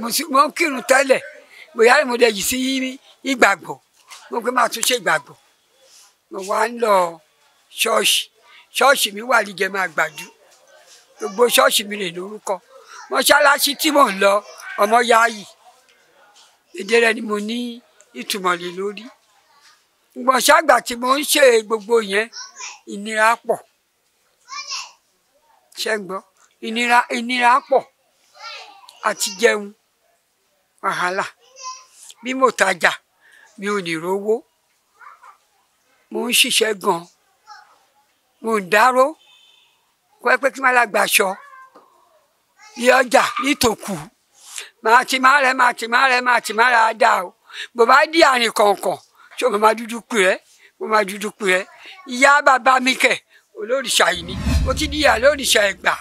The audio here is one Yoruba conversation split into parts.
mo ń kírun tẹ́lẹ̀ bóyá mo dẹ̀ yìí sí ìgbàgbọ́ mo pé máa tún ṣe ìgbàgbọ́ mo wá ń lọ ṣọ́ọ̀ṣì ṣọ́ọ̀ṣì mi wà níjẹ́ máa gbàdú gbogbo ṣọ́ọ̀ṣì mi rè lórúkọ mọ́ṣáláṣí tí mò ń lọ ọmọ yáàyì èdè rẹ ni mo ní ìtumọ̀ lè lórí ṣùgbọ́n ṣàgbà tí mo ń ṣe gbogbo yẹn ìnira pọ̀ ṣẹ́gbọ́n ìnira ìnira pọ̀ àti jẹun wàhálà bí mo tajà mi ò ní rówó mo ń ṣiṣẹ́ gan mo ń dáró kọ́ pé kí n má la gbàṣọ ní ọjà nítòkù máa ti má rẹ máa ti má rẹ máa ti má rẹ á dà o bó bá dí àrìn kọ̀ọ̀kan ṣé o máa dúdú pè ẹ́ o máa dúdú pè ẹ́ ìyá bàbá mi kẹ̀ olórìṣà yìí ni ó ti di ìyá lórìṣà Ẹ̀gbá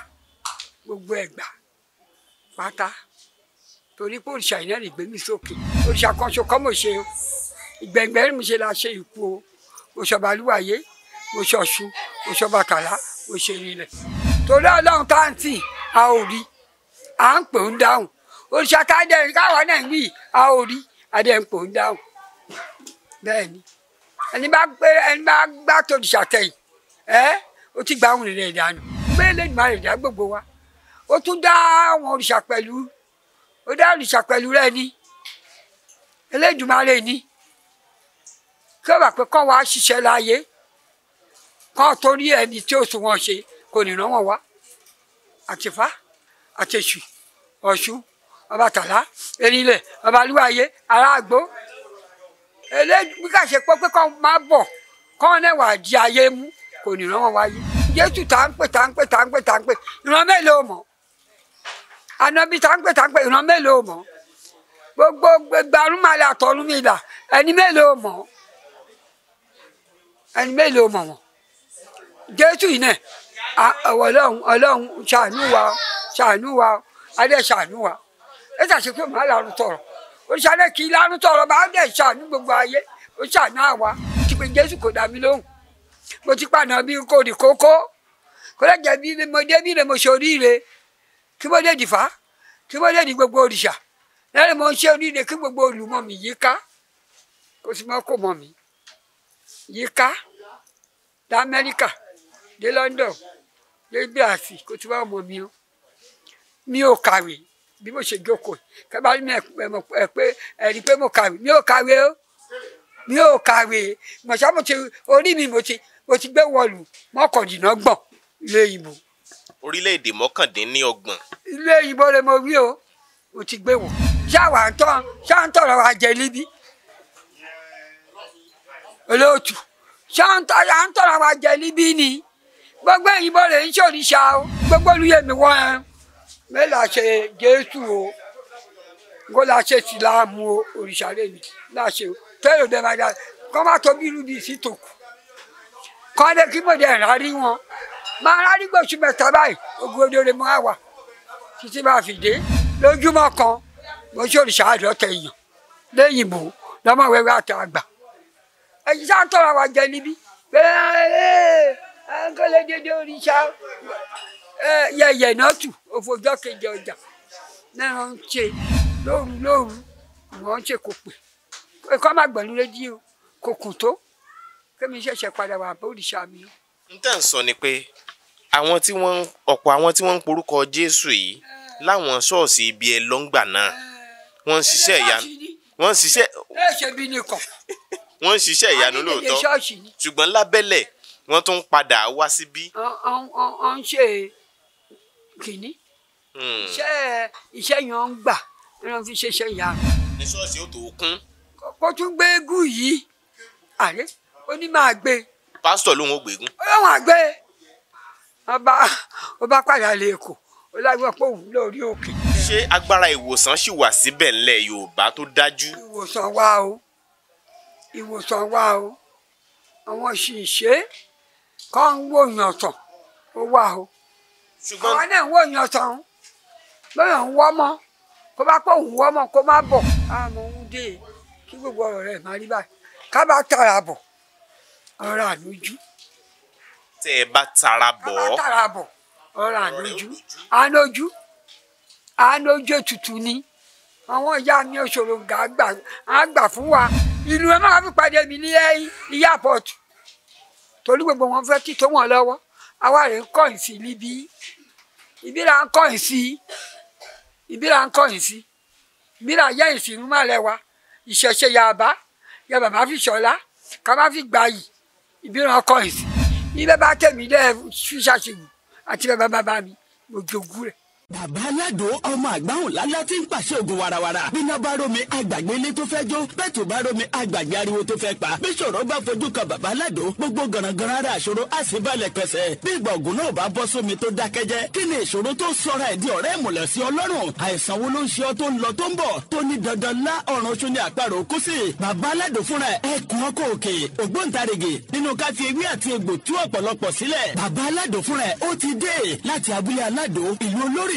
gbogbo Ẹ̀gbá pátá torí pé òrìṣà iná lè gbé mi sókè òrìṣà kan ṣo kọ́ mo ṣe o ìgbẹ̀ngbẹ̀rún mi ṣe la ṣe ìkú o mo ṣọba lúwàyé mo ṣọṣu mo ṣọba kàlá mo ṣe nílẹ̀ torí ọlọ́run táǹtì a ò rí à ń pè ń dáhùn òrìṣà káàdé káwọn náà ń wí a ò rí adé ń pè ń dáhùn bẹ́ẹ̀ ni ẹni bá gbé ẹni bá gbá tòrìṣà tẹ̀yìn ẹ ó ti gbà àwọn ènìyàn ìdáná gbé lẹ́nu àrẹ̀dá gbogbo wa ó tún dá àwọn òrìṣà pẹ̀lú o dá òrìṣà pẹ̀lú rẹ ni Elédùmarè ni kí ó wà pé kọ́ wa ṣiṣẹ́ láàyè kọ́ torí ẹni tí ó sùn wọn ṣe kò ní rán wọn wá àtìfá àtẹ̀sù ọ̀ṣun Ọbàtálá erilẹ̀ ọbalúwàyé aláàgbó elégbèkàṣe pé pé kọ́ máa bọ̀ kọ́ nẹ́wàá di ayé mú kò ní rán wọn wáyé Jésù tá ń pè tá ń pè tá ń pè tá ń pè ìran mélòó mọ̀ ànábì táǹpẹ̀ táǹpẹ̀ ìran mélòó mọ́ gbogbo gbarún máa la tọ́rún mi là ẹni mélòó mọ́ ẹni mélòó mọ́ wọn jésù yìí náà ọlọ́run ọlọ́run ṣàánú wa ṣàánú wa adé ṣàánú wa ẹ ṣàṣe pé màá lárú tọrọ oṣàlẹ kì í lárú tọrọ bá dẹ ṣàánú gbogbo ayé ó ṣàánú àwa ti pé jésù kò dá mi lóhùn mo ti pàdánù bí kò lè jẹ bí mo dé bí rè mo ṣoríire kí wọ́n lè dìfá kí wọ́n lè di gbogbo òrìṣà lẹ́yìn mo ń ṣe onílé kí gbogbo olùmọ̀ mi yí ká kó sì mọ́ kó mọ̀ mi yí ká dé Amẹ́ríkà dé London dé Bíàsì kó sì wá ọmọ mi o mi ò kàwé bí mo ṣe jókòó kẹ bá ní ẹ pé ẹ rí i pé mo kàwé mi ò kàwé o mi ò kàwé mọ̀ṣá mo ti orí mi mo ti gbé wọlù mọ́kàndínlọ́gbọ̀n ilé ìbò orílẹ̀-èdè mọ́kàndínlọ́gbọ̀n. ilé ìbò lè mo wí o mo ti gbé wọn ṣáwa ń tán ṣáà ń tọrọ wa jẹ níbí olóòtú ṣáà ń tọrọ wa jẹ níbí ni gbogbo ìbò lè ń ṣòrìṣà o gbogbo olùyẹmí wọn mẹ́lá ṣe jésù o kó la ṣe sí láàmú o òrìṣà lè ní láṣẹ o fẹ́ẹ́ lò dé máa dá kọ́ má tóbi rúbi sí tòkù kọ́ lè kí mọ̀dé rárí wọn máa rá nígbà oṣù mẹ́ta báyìí ogun odore máa wà títí máa fi dé lójúmọ́ kan mo ṣe òrìṣà àdọ́tẹ̀ èèyàn lẹ́yìn bò lọ́mọ wẹ́wẹ́ àti àgbà èyí sá ń tọ́ra wa jẹ níbí bẹ́ẹ̀ ẹ̀ńkọ́lẹ́ dédé òrìṣà yẹ̀yẹ̀ náà tù òfòjọ́ kejì ọjà náà ń ṣe lóru lóru wọ́n ń ṣe kò pè ẹ̀kọ́ má gbọ̀n rédíò kò kù tó kémi ṣẹ̀ṣẹ̀ padà wà bó òrìṣà mi. n tẹ́ ń sọ ni pé àwọn tí wọ́n ọ̀pọ̀ àwọn tí wọ́n ń porúkọ Jésù yìí láwọn ṣọ́ọ̀ṣì ibi ẹ̀ lọ́ngbà náà wọ́n ń ṣiṣẹ́ ìyanu wọ́n ń ṣiṣẹ́ wọ́n ń ṣiṣẹ́ ìyanu lóòótọ́ ṣùgbọ́n lábẹ́lẹ̀ wọ́n tún padà wá síbí. ọ ń ṣe kìnní hmm. iṣẹ́ iṣẹ́ yẹn ń gbà wọ́n fi ṣe iṣẹ́ ìyanu. ní ṣọ́ọ̀ṣì ó tó kún. kó tún gbé eégún yìí àlẹ́ ó ní máa gbé. pásítọ̀ lòun ò gbégún. ó yẹ wọn àgbẹ̀ wọ́n bá wọ́n bá padà lè kó ó lágbọ́n pé òun lórí òkè. ṣé agbára ìwòsàn ṣì wà síbẹ̀ ńlẹ̀ Yorùbá tó dájú. ìwòsàn wà o ìwòsàn wà o àwọn ṣìṣe kan ń wòyàn tán ó wà o ṣùgbọ́n àwọn náà ń wòyàn tán lóyún ń wọ́ mọ́ kó bá pọ̀ ń wọ́ mọ́ kó má bọ̀ àmọ́ ń dé kí gbogbo ọ̀rọ̀ rẹ̀ má rí báyìí ká bá tara bọ̀ ọ̀rọ̀ àlójú tẹ ẹ bá tara bọ̀. ẹ bá tara bọ̀ ọ̀rọ̀ ànójú ànójú ànójú ètùtù ni àwọn ìyá mi òṣòro gàgbà àgbà fún wa ìlú ẹ máa fi pàdé mi ní airport torí gbogbo wọn fẹ́ tító wọn lọ́wọ́ àwa rẹ̀ ń kọ̀yìn sí níbí ibi là ń kọ̀yìn sí ibi là ń kọ̀yìn sí ibi là yẹ ìsìnkú má lẹ́wà ìṣẹ̀ṣe yàbá yàbá má fi ṣọlá ká má fi gbàyì ibi là ń kọ̀yìn sí ní bàbá tèmi lẹ́ẹ̀rù ṣíṣàṣègùn àti bàbá bàbá mi mo jogún rẹ̀ bàbá aládùn ọmọ àgbáhùn lálá tí ń pàṣẹ ògùn warawara bíná bá rómi àgbàgbé ilé tó fẹ́ jó bẹ́ẹ̀tù bá rómi àgbàgbé ariwo tó fẹ́ pa bí ṣòro bá fojú kan bàbá aládùn gbogbo gànàgànà ara àṣòro á sì balẹ̀ pẹ̀sẹ̀ bí ìgbà ògùn náà bá bọ́ sómi tó dákẹ́jẹ́ kí ni ìṣòro tó sọra ẹ̀ di ọ̀rẹ́ ìmùlẹ̀ sí ọlọ́run àìsàn wo ló ń ṣe ọ tó ń lọ tó ń bọ̀ tó ní dandan lá ọ̀run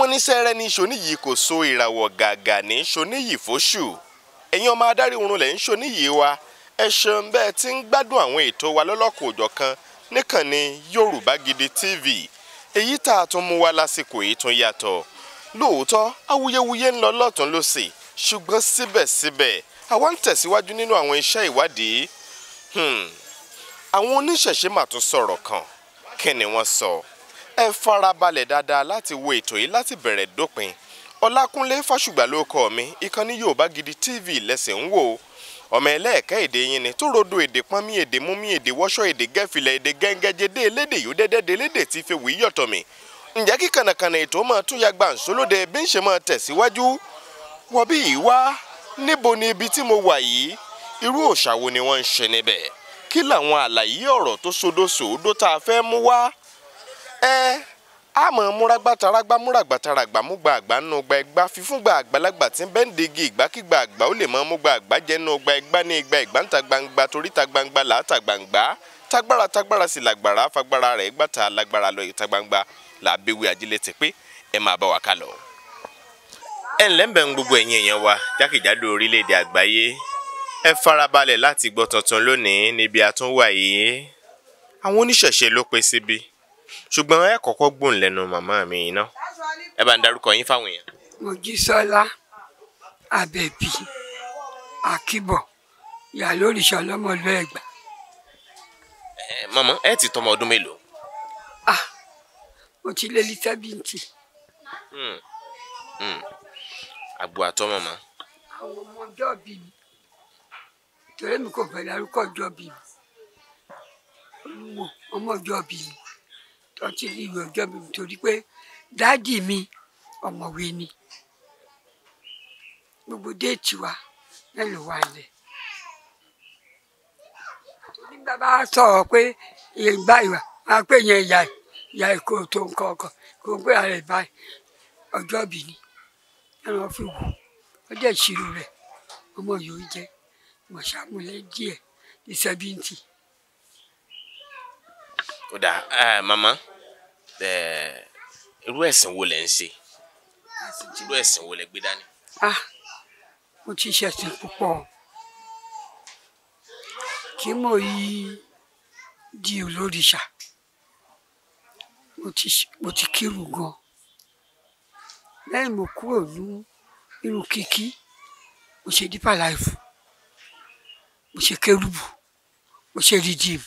wọ́n ní sẹ́rẹ́ ní ṣoníyìí kò so ìràwọ̀ gàgà ní ṣoníyìí fóṣù ẹ̀yin ọmọ adarí oorun lẹ̀ ń ṣoníyìí wa ẹ ṣeun ti ń gbádùn àwọn ètò wa lọ́lọ́kọ̀ òjọ̀kan níkànnì Yorùbá Gidi TV èyí tá a tún mú wá lásìkò yìí tún yàtọ̀ lóòótọ́ awuyewuye ń lọ lọ́tún lọ́sì ṣùgbọ́n síbẹ̀síbẹ̀ àwa ń tẹ̀síwájú nínú àwọn iṣẹ́ ìwádìí hmm, àwọn oníṣẹ̀ṣe mà tún kan kí ni wọ́n sọ. So ẹ farabalẹ̀ dáadáa láti wo ètò yìí láti bẹ̀rẹ̀ dópin ọlákúnlé fásùgbà ló kọ mi ìkànnì yorùbá gidi tv lẹ́sìn ń wò ọmọ ẹlẹ́ẹ̀kẹ́ èdè yín ni tó rodo èdè pọ́nmí èdè múmí èdè wọ́ṣọ́ èdè gẹ́fìlẹ̀ èdè gẹ́ngẹ́jẹdé elédè yóò dẹ́dẹ́dẹ́ elédè tí fi wí yọ̀tọ̀ mi ǹjẹ́ kí kànàkànà ètò máa tún ya gbàǹsólóde bí ń ṣe máa tẹ̀síwájú wọ́n bí yìí wá níbo ni ibi tí mo wà yìí irú òòṣà wo ni wọ́n ń ṣe níbẹ̀ kí làwọn àlàyé ọ̀rọ̀ tó sodò sòódó tá a fẹ́ mú wá ẹ a mọ̀ múragbátaragbá múragbátaràgbà múgba àgbà nù gba ẹgbà fífúngba àgbàlagbà tí ń bẹ́ ń degi ìgbàkígbà àgbà ó lè mọ múgba àgbà jẹnu gba ẹgbà ní igba ìgbà ńta gbangba torí ta gbangba là á ta gbangba tagbára tagbára sì làgbàrá fagbára rẹ̀ gbàtà lágbára lọ ìta gbangba làbẹ̀wé àjílẹ̀ ti pé ẹ máa bá wa ká lọ. ẹ ǹlẹ́ ń bẹ̀ ń gbogbo ẹ̀yin èèyàn wa jákèjádò orílẹ̀-èdè àgbáyé ẹ farabalẹ̀ láti gbọ́ tuntun lónìí níbi àtúnwá yìí àwọn oníṣẹ̀ṣe ló pé síbi ṣùgbọ́n ẹ kọ́kọ́ gbóhùn lẹ́nu màmá mi iná ẹ bá ń darúkọ yín fáwọn èèyàn. Mojísọ́lá Àbẹ̀bí Akíbọ̀ Ìyálórìṣà ọlọ́mọlú Ẹ̀gbá. ẹ mọ̀mọ́ ẹ ti tọmọ ọdún mélòó. ah mo ti lé ní sẹ́bìntì. Hmm, hmm. àgbo àtọ́ mọ̀mọ́. àwọn ọmọ ọjọ́ bí mi torí mi kò fẹ́ darúkọ ọjọ́ bí mi olùwọ̀ ọmọ ọjọ́ bí mi tọ́tí ní ìwé ọjọ́ mi torí pé dáàdì mi ọ̀mọ̀wé ni gbogbo déètì wa mélòó wà lẹ̀. ní bàbá sọ̀rọ̀ pé ìgbà ìwà máa pè yẹn ìyá ìyá ìkó tó nǹkan ọkọ̀ kó pé ààrẹ báyìí ọjọ́ bì ni ẹran fi wù ọjọ́ ìṣirò rẹ̀ ọmọ yòó jẹ́ mọ̀ṣámúlẹ̀ díẹ̀ ìṣẹ́bíntì. ó dà màmá irú ẹ̀sìn wo lẹ̀ ń ṣe irú ẹ̀sìn wo lẹ̀ gbé dání. ah mo ti ṣẹ̀sìn púpọ̀ kí mo yí di olórìṣà mo ti kírun gan lẹ́yìn mo kúrò ní irun kíkí mo ṣe dípà láìfù mo ṣe kérúbù mo ṣe rìjìm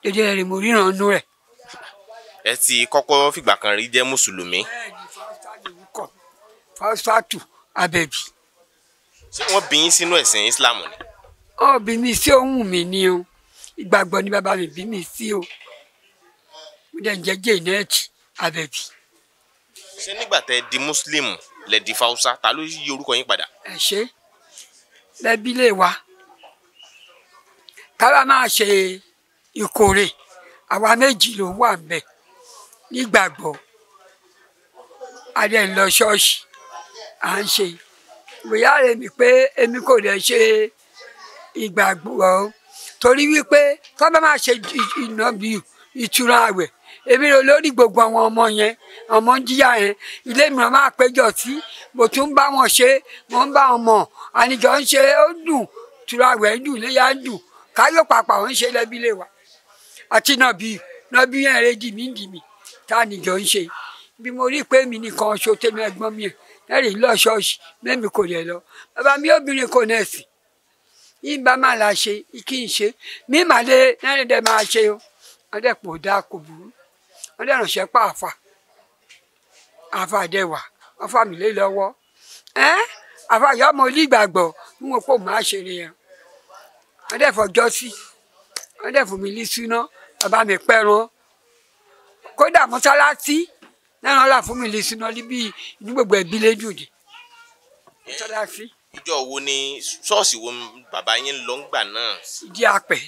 dédé rẹ mo ríran nú rẹ̀ ẹ ti kọ́kọ́ fìgbà kan rí jẹ́ mùsùlùmí. fásitì abẹ́bí. ṣé wọ́n bí yín sínú ẹ̀sìn Islam ni. ó bí mi sí ohun mi ni o ìgbàgbọ́ ni bàbá mi bí mi sí o mo dẹ̀ ń jẹ́ Janet abẹ́bí. ṣé nígbà tẹ di muslim lẹ di fausa ta ló yí orúkọ yín padà. ẹ ṣe lẹbi lè wa kára máa ṣe ìkórè àwa méjì ló wà ń nígbàgbọ́ a dẹ̀ ń lọ ṣọ́ọ̀ṣì à ń ṣe bóyá rẹ̀ mi pé èmi kò dẹ̀ ṣe ìgbàgbọ́ torí wípé tó bá máa ṣe ìnàbí ìtura àwẹ̀ èmi rò lórí gbogbo àwọn ọmọ yẹn ọmọ ń yẹn ilé mi máa péjọ sí mo tún bá wọn ṣe mo ń bá wọn mọ àníjọ ń ṣe ó dùn ìtura àwẹ̀ ń dùn léyà ń dùn káyọ̀ pàpà ń ṣe lẹ́bí lè wà àti nàbí nàbí yẹn rẹ̀ dì tá ni nìjọ ń ṣe bí mo rí pé mi nìkan ṣo tẹ́mi ẹ̀gbọ́n mi ẹ̀ rí lọ ṣọ́ọ̀ṣì mẹ́mi kò lè lọ bàbá mi obìnrin kò nẹ́ẹ̀sì yìí bá máa la ṣe kí n ṣe mí màá lé náírà dẹ máa ṣe o wọ́n dẹ̀ pò dáa kò burú wọ́n dẹ̀ ránṣẹ́ pa àfà àfà dẹ̀ wà wọ́n fà mí lé lọ́wọ́ ẹ́ àfà yọ ọmọ onígbàgbọ́ ń wọ́n pò máa ṣe rè yẹn wọ́n dẹ̀ fọjọ́ mi lí súná bàbá mi pẹ́ràn kódà mọ́sálásí náà rán láàfún mi lè sinú ọlí bíi inú gbogbo ẹbí lẹ́jọ́ òde mọ́sálásí. ìjọ wo ni ṣọ́ọ̀ṣì wo bàbá yín lọ ń gbà náà. ìdí apẹ.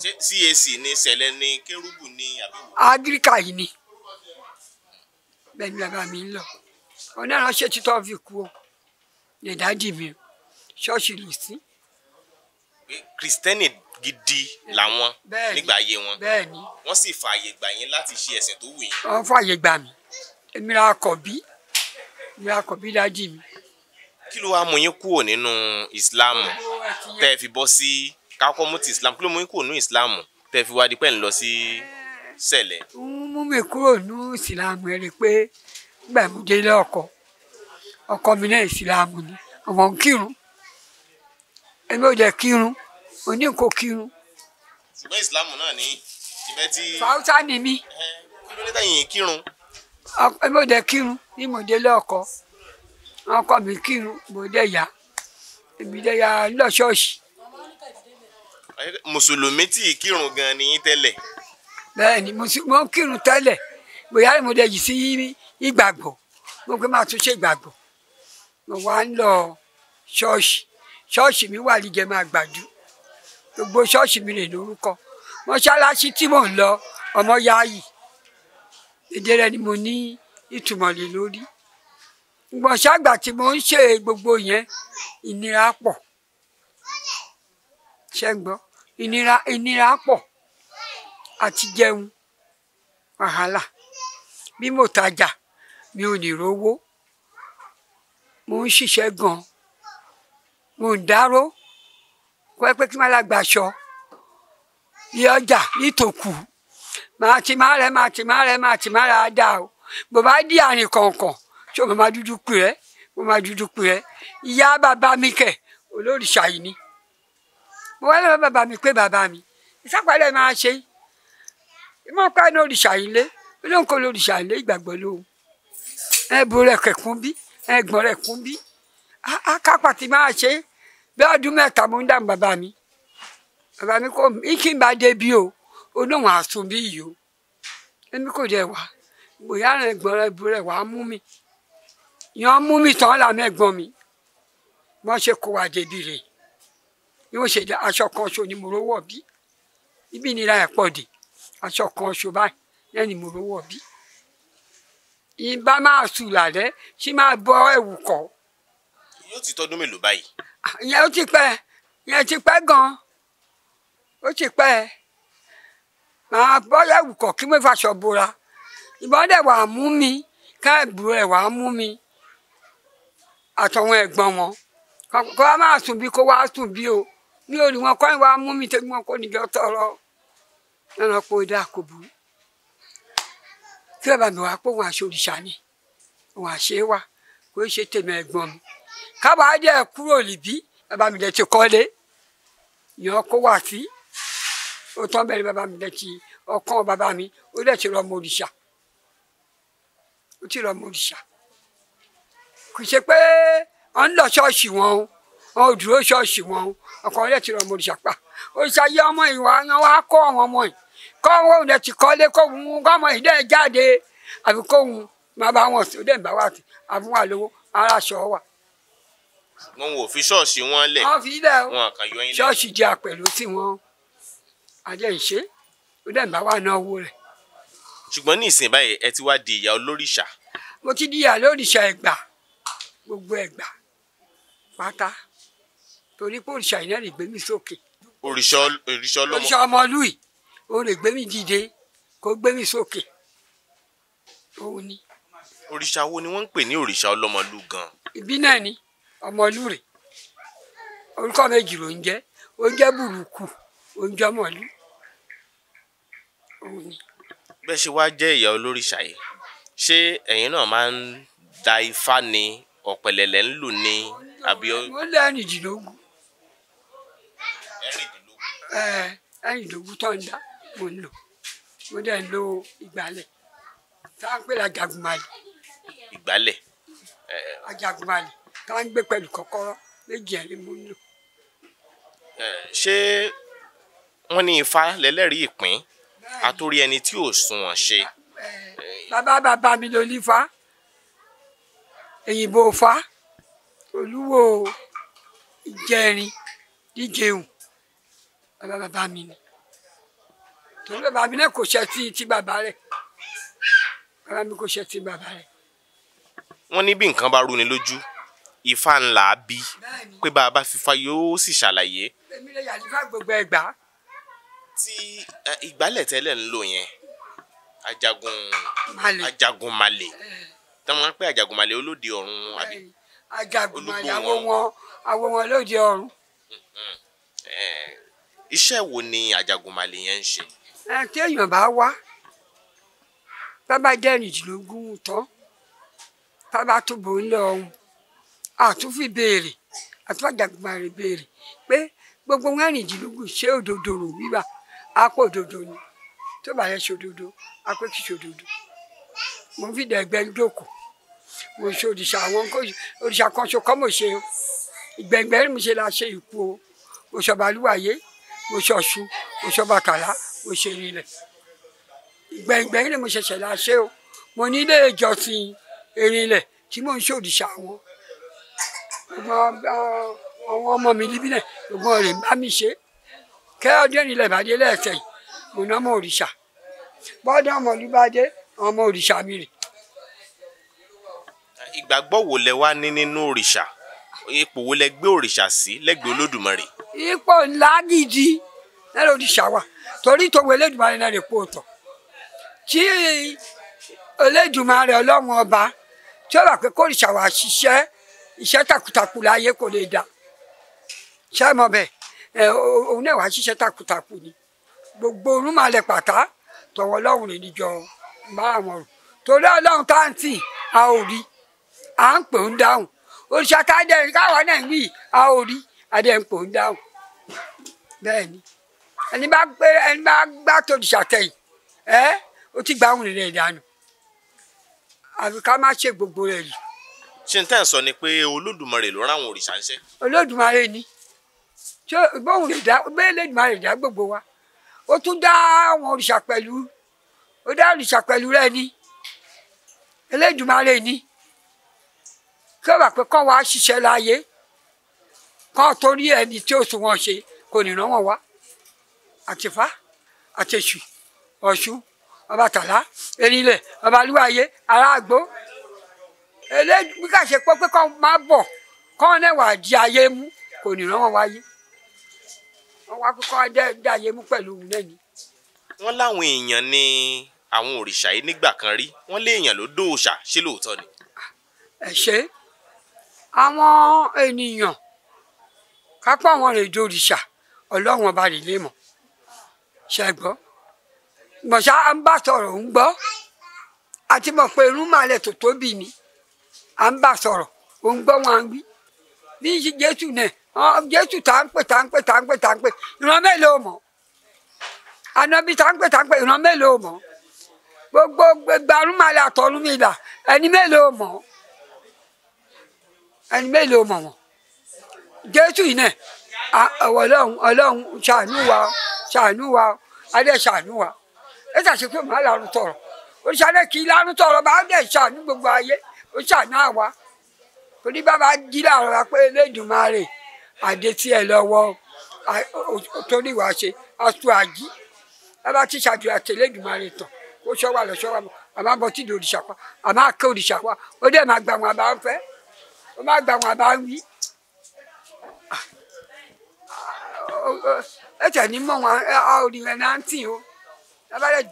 CAC ni sẹlẹ ni kérúbù ni àbí. agirika yìí ni bẹ́ẹ̀ ni bàbá mi ń lọ oníránṣẹ́ títọ́ fi kú o ní ìdádì mi ṣọ́ọ̀ṣì lù sí. kristẹni gidi làwọn nígbà ayé wọn wọ́n sì fààyè gbà yín láti ṣe ẹ̀sìn tó wù yín. wọ́n fààyè gbà mí èmi ra àkọ́bí èmi ra àkọ́bí dájú mi. kí ló wàá mú yín kúrò nínú ìsìláàmù tẹ́ ẹ fi bọ́ sí kákọ́ mú ti ìsìláàmù kí ló mú yín kúrò nínú ìsìláàmù tẹ́ ẹ fi wá di pẹ́ ń lọ sí eh, sẹ̀lẹ̀. mú mi kúrò nínú ìsìláàmù ẹ rí i pé nígbà mo dé ilé ọkọ ọkọ mi náà ìsìláàmù ni ọmọ kírun ẹgbẹ́ ò jẹ́ kírun oní nǹkan kírun. ṣùgbọ́n ìsìlámù náà ní ibẹ̀ tí. fàáútà ni mí. kí ló dé tẹ̀yìn kírun. mo dé kírun ní mo dé lọ́ọ̀kọ́ ọkọ mi kírun mo dé yá èmi dé yá lọ ṣọ́ọ̀ṣì. mùsùlùmí tí kírun gan ni yín tẹ́lẹ̀. bẹ́ẹ̀ni mùsùlùmí kírun tẹ́lẹ̀ bóyá mo dé yìí sí ìgbàgbọ́ mo gbé máa tún ṣe ìgbàgbọ́ mo wá ń lọ ṣọ́ọ̀ṣì ṣọ́ọ̀ṣì mi wà lìjẹ́ máa gbàdú gbogbo ṣọ́ọ̀ṣì mi lè lórúkọ mọ́ṣáláṣí tí mò ń lọ ọmọ yáàyì èdè rẹ ni mo ní ìtumọ̀ lè lórí ṣùgbọ́n ṣàgbà tí mo ń ṣe gbogbo yẹn ìnira pọ̀ ṣe ń gbọ́ ìnira ìnira pọ̀ àti jẹun wàhálà bí mo tajà mi ò ní rówó mo ń ṣiṣẹ́ gan mo ń dárò kó ẹ pé kí wọ́n lágbà aṣọ ní ọjà nítòkù màá ti má rẹ màá ti má rẹ màá ti má rẹ á o bó bá dí àrìn kọ̀ọ̀kan tí o máa dúdú pè ẹ́ o máa dúdú pè ẹ́ ìyá bàbá mi kẹ̀ olórìṣà yìí ni mo wá lọ́wọ́ bàbá mi pé bàbá mi ìsápàlẹ̀ máa ṣe ìmọ̀ pé ní òrìṣà yìí lé olóhùn kó lórìṣà yìí lé ìgbàgbọ́ lóhùn ẹ bo rẹ̀ kẹ̀kún bí ẹ gbọ́n rẹ̀ kún bí akápàtì máa ṣe é bí ọdún mẹ́ta mo ń dààmú bàbá mi bàbá mi kò kí n bá dé bí o olóhùn àsùn bí yìí o èmi kò dé wá bóyá ẹ̀gbọ́n rẹ̀ bu rẹ̀ wá mú mi yan mú mi tán làmú ẹ̀gbọ́n mi wọ́n ṣe kó wa débi rè ni wọ́n ṣe aṣọ kan ṣo ni mo rówó bí ibi ìnira ẹ̀ pọ̀ dé aṣọ kan ṣo báyìí yẹn ni mo rówó bí ìbá máa sùn lálẹ́ ṣí máa bọ́ ẹ̀wù kọ́ yóò ti tọdún mélòó báyìí. Ah, ìyẹn ó ti pẹ́ ìyẹn ti pẹ́ gan-an ó ti pẹ́ màá bọ́lá ìwùkọ̀ kí mo fàṣọ bora ìbọn dẹ̀ wàá mú mi káàbù ẹ̀ wàá mú mi àtọ̀wọn ẹ̀gbọ́n wọn kó wá máa sùn bí kó wá sùn bí o mi ò rí wọn kọ́ ìwà mú mi tẹ́gbọ́n kó níjọ́ tọrọ lọ́nà pé ó dáa kò burú tí bàbá mi wàá pé òun àṣọ òrìṣà ni òun àṣẹ wà kó ṣe tèmi ẹ̀gbọ́n mi kábà dẹ̀ kúrò níbí bàbá mi dẹ̀ ti kọ́lé yọ kó wà sí ó tán bẹ́ẹ̀ ni bàbá mi dẹ̀ ti ọkàn bàbá mi ó dẹ̀ ti rọmọ òrìṣà ó ti rọmọ òrìṣà kò ṣe pé wọn lọ ṣọ́ọ̀ṣì wọn o dúró ṣọ́ọ̀ṣì wọn ọkàn dẹ̀ ti rọmọ òrìṣà pa òrìṣà yẹ ọmọ ìwà wọn wá kọ́ àwọn ọmọ yìí kọ́ wọn ò dẹ̀ ti kọ́lé kó wọn kọ́ ọmọ yìí dẹ̀ jáde àbí kó wọn máa bá wọn sọ dẹ̀ ń bá wà sí àbúwà lówó aráṣọ wà wọn ò fi ṣọ́ọ̀ṣì wọn lẹ̀ wọn kàn yọ yín lẹ́yìn. ṣọ́ọ̀ṣì jẹ́ àpẹ̀lú tí wọ́n ajẹ́ ó dẹ̀ bá wà náà owó rẹ̀. ṣùgbọ́n ní ìsìn báyìí ẹ ti wá di ìyá olóríṣà. mo ti di ìyá olóríṣà ẹgbà gbogbo ẹgbà pátá torí pé òrìṣà yìí náà lè gbé mi sókè. òrìṣà ọlọmọ òrìṣà ọmọlúì ó lè gbé mi dìde kó gbé mi sókè òun ni. òrìṣà wo ni wọ́n ń pè ní òrìṣà ọlọmọlú gan-an. ìbí náà ni ọmọlúre orúkọ méjì ló ń jẹ ó ń jẹ burúkú ó ń jẹ ọmọlú. bẹ́ẹ̀ ṣe wá jẹ́ ìyá olórìṣà yìí ṣé ẹ̀yin náà máa ń da ifá ni ọ̀pẹ̀lẹ̀lẹ̀ ń lù ni àbí. wọ́n lé ẹ̀rìndínlógún ẹ̀rìndínlógún tó ń dá mo ń lò mo dẹ̀ lo ìgbálẹ̀ tá a ń pè ní ajagunmalè. ìgbálẹ̀. ajagunmalè tá à ń gbé pẹ̀lú kọ́kọ́rọ́ méjì ẹ̀rí mo nílò. ṣé wọ́n ní ifá lẹ́lẹ́rìí ìpín àtòrí ẹni tí ò sunwọ̀n ṣe. bàbá bàbá mi ló ní ifá èyìnbó ifá olúwo ìjẹrin díjeun bàbá bàbá mi ni torí bàbá mi náà kò ṣe ti ti bàbá rẹ̀ bàbá mi kò ṣe ti bàbá rẹ̀. wọ́n ní bí nǹkan bá rú ni lójú ifá ńlá bí pé bàbá fífa yóò sì ṣàlàyé. èmi lè yà nípa gbogbo ẹgbà. ti ìgbálẹ̀ tẹ́lẹ̀ ń lò yẹn ajagun ajagun malè tọ́mọ pé ajagun malè olóde ọ̀run àbí. ajagun malè àwọn wọn àwọn wọn lóde ọ̀run. Mm-hmm. iṣẹ́ wo ni ajagun malè yẹn ń ṣe. téèyàn bá wá bàbá jẹ́rìndínlógún tán bàbá tó bò ń lọ ọ̀hún àtúnfi béèrè àtúwàdàgbà rẹ béèrè pé gbogbo mẹ́rìndínlógún ṣé òdodo rò wíwà á pọ̀ òdodo ni tó bá yẹ ṣòdodo á pé kì í ṣòdodo mo fi dẹ̀gbẹ́ dòkò mo ṣe òrìṣà àwọn òrìṣà kan ṣo kọ́ mo ṣe o ìgbẹ̀ngbẹ́ mi ṣe la ṣe ìkú o mo ṣọbaluwàyé mo ṣọṣu mo ṣọbàkàlà mo ṣe rinlẹ̀ ìgbẹ̀ngbẹ́ ni ṣẹ̀ṣẹ̀ la ṣe o mo nílé ìjọsìn erinlẹ̀ tí mò ń ṣe òrìṣà àwọn àwọn ọmọ mi níbí náà ṣùgbọ́n rè bá mi ṣe kẹ́ ọdún ìlẹ̀ ìbàdí lẹ́ẹ̀kẹ́ yìí mo ná mọ òrìṣà bọ́dọ̀ ọmọlúbádé ọmọ òrìṣà mi rè. ìgbàgbọ́ wo lẹ wá ní nínú òrìṣà ipò wo lẹ gbé òrìṣà sí lẹ́gbẹ̀ẹ́ olódùmarè. ipò ńlá gidi lẹ́rọ òrìṣà wa torí tòwé olódùmarè náà rè pò tọ̀ tí olódùmarè ọlọ́run ọba tí ó bá pé kórìṣà wa ṣiṣẹ́ iṣẹ́ takuntakun láyé kò lè dá ṣé ẹ mọ̀ bẹ́ẹ̀ òun eh, náà wàá ṣiṣẹ́ takuntakun ni gbogbo orun máa lẹ pàtá tọwọ́ ọlọ́run rè níjọ bá àwọn rò torí ọlọ́run tá a ò rí à ń pè ń dáhùn oríṣà káàdé káwọn náà ń wí a ò rí adé ń pè ń dáhùn bẹ́ẹ̀ ni ẹni bá gbé ẹni bá gbá tòdìṣà tẹ̀yìn ẹ́ ó ti gbà òun dànù àfi má ṣe gbogbo rẹ̀ yìí ṣé n tẹ́ ń sọ ni pé olódùmarè ló ráwọn òrìṣà ń ṣe. olódùmarè ni ṣé bóun lè dá bẹ́ẹ̀ lódùmarè dá gbogbo wa ó tún dá àwọn òrìṣà pẹ̀lú ó dá òrìṣà pẹ̀lú rẹ̀ ni elédùmarè ni kí ó wà pé kọ́ wa ṣiṣẹ́ láàyè kọ́ torí ẹni tí ó sùn wọn ṣe kò ní rán wọn wá àtìfá àtẹ̀sù ọ̀ṣun ọbàtálá erilẹ̀ ọbalúwayé aráàgbó ele bí kà ṣe pé pé kọ́ máa bọ̀ kọ́ náà wà di ayé mú kò ní rán wọn wáyé wọn wá pé kọ́ dé ayé mú pẹ̀lú òun náà ni. wọ́n láwọn èèyàn ni àwọn òrìṣà yìí nígbà kan rí wọ́n lé èèyàn ló dó òòṣà ṣé lóòótọ́ ni. ẹ ṣe àwọn ènìyàn kápá àwọn rèé do òrìṣà ọlọ́run ọba rèé lé mọ̀ ṣẹ́gbọ́n mọ̀ṣá ń bá sọ̀rọ̀ ń gbọ́ àti mọ̀ pé irú màálẹ̀ tó tóbi ni à ń bà sọ̀rọ̀ òun gbọ́ wọn à ń wí bí n ṣe jésù náà jésù tá ń pè tá ń pè tá ń pè tá ń pè ìran mélòó mọ̀ ànábi tá ń pè tá ń pè ìran mélòó mọ̀ gbogbo gbarun máa la tọrun mi là ẹni mélòó mọ̀ ẹni mélòó mọ̀ wọn jésù yìí náà ọlọ́run ọlọ́run ṣàánú wa ṣàánú wa adé ṣàánú wa ẹ ṣàṣepé màá lárun tọrọ oríṣiríṣi kì í lárun bá dẹ̀ ṣàánú gbogbo ayé ó ṣàná àwa torí bàbá jí làwọn wa pé Elédùmarè àdé tiẹ̀ lọ́wọ́ torí wàá ṣe aṣọ àjí bàbá ti ṣàdúrà tẹ̀lé Elédùmarè tán kó ṣọ́ wà lọ́ṣọ́ mọ́ àmọ́ bọ́ tí di òrìṣà pa àmọ́ àké òrìṣà pa ó dẹ̀ máa gbà wọn àbá ń fẹ́ ó máa gbà wọn àbá ń wí. ẹ tẹ̀ ní wọn orin rẹ̀ náà ń tì o lábàárẹ̀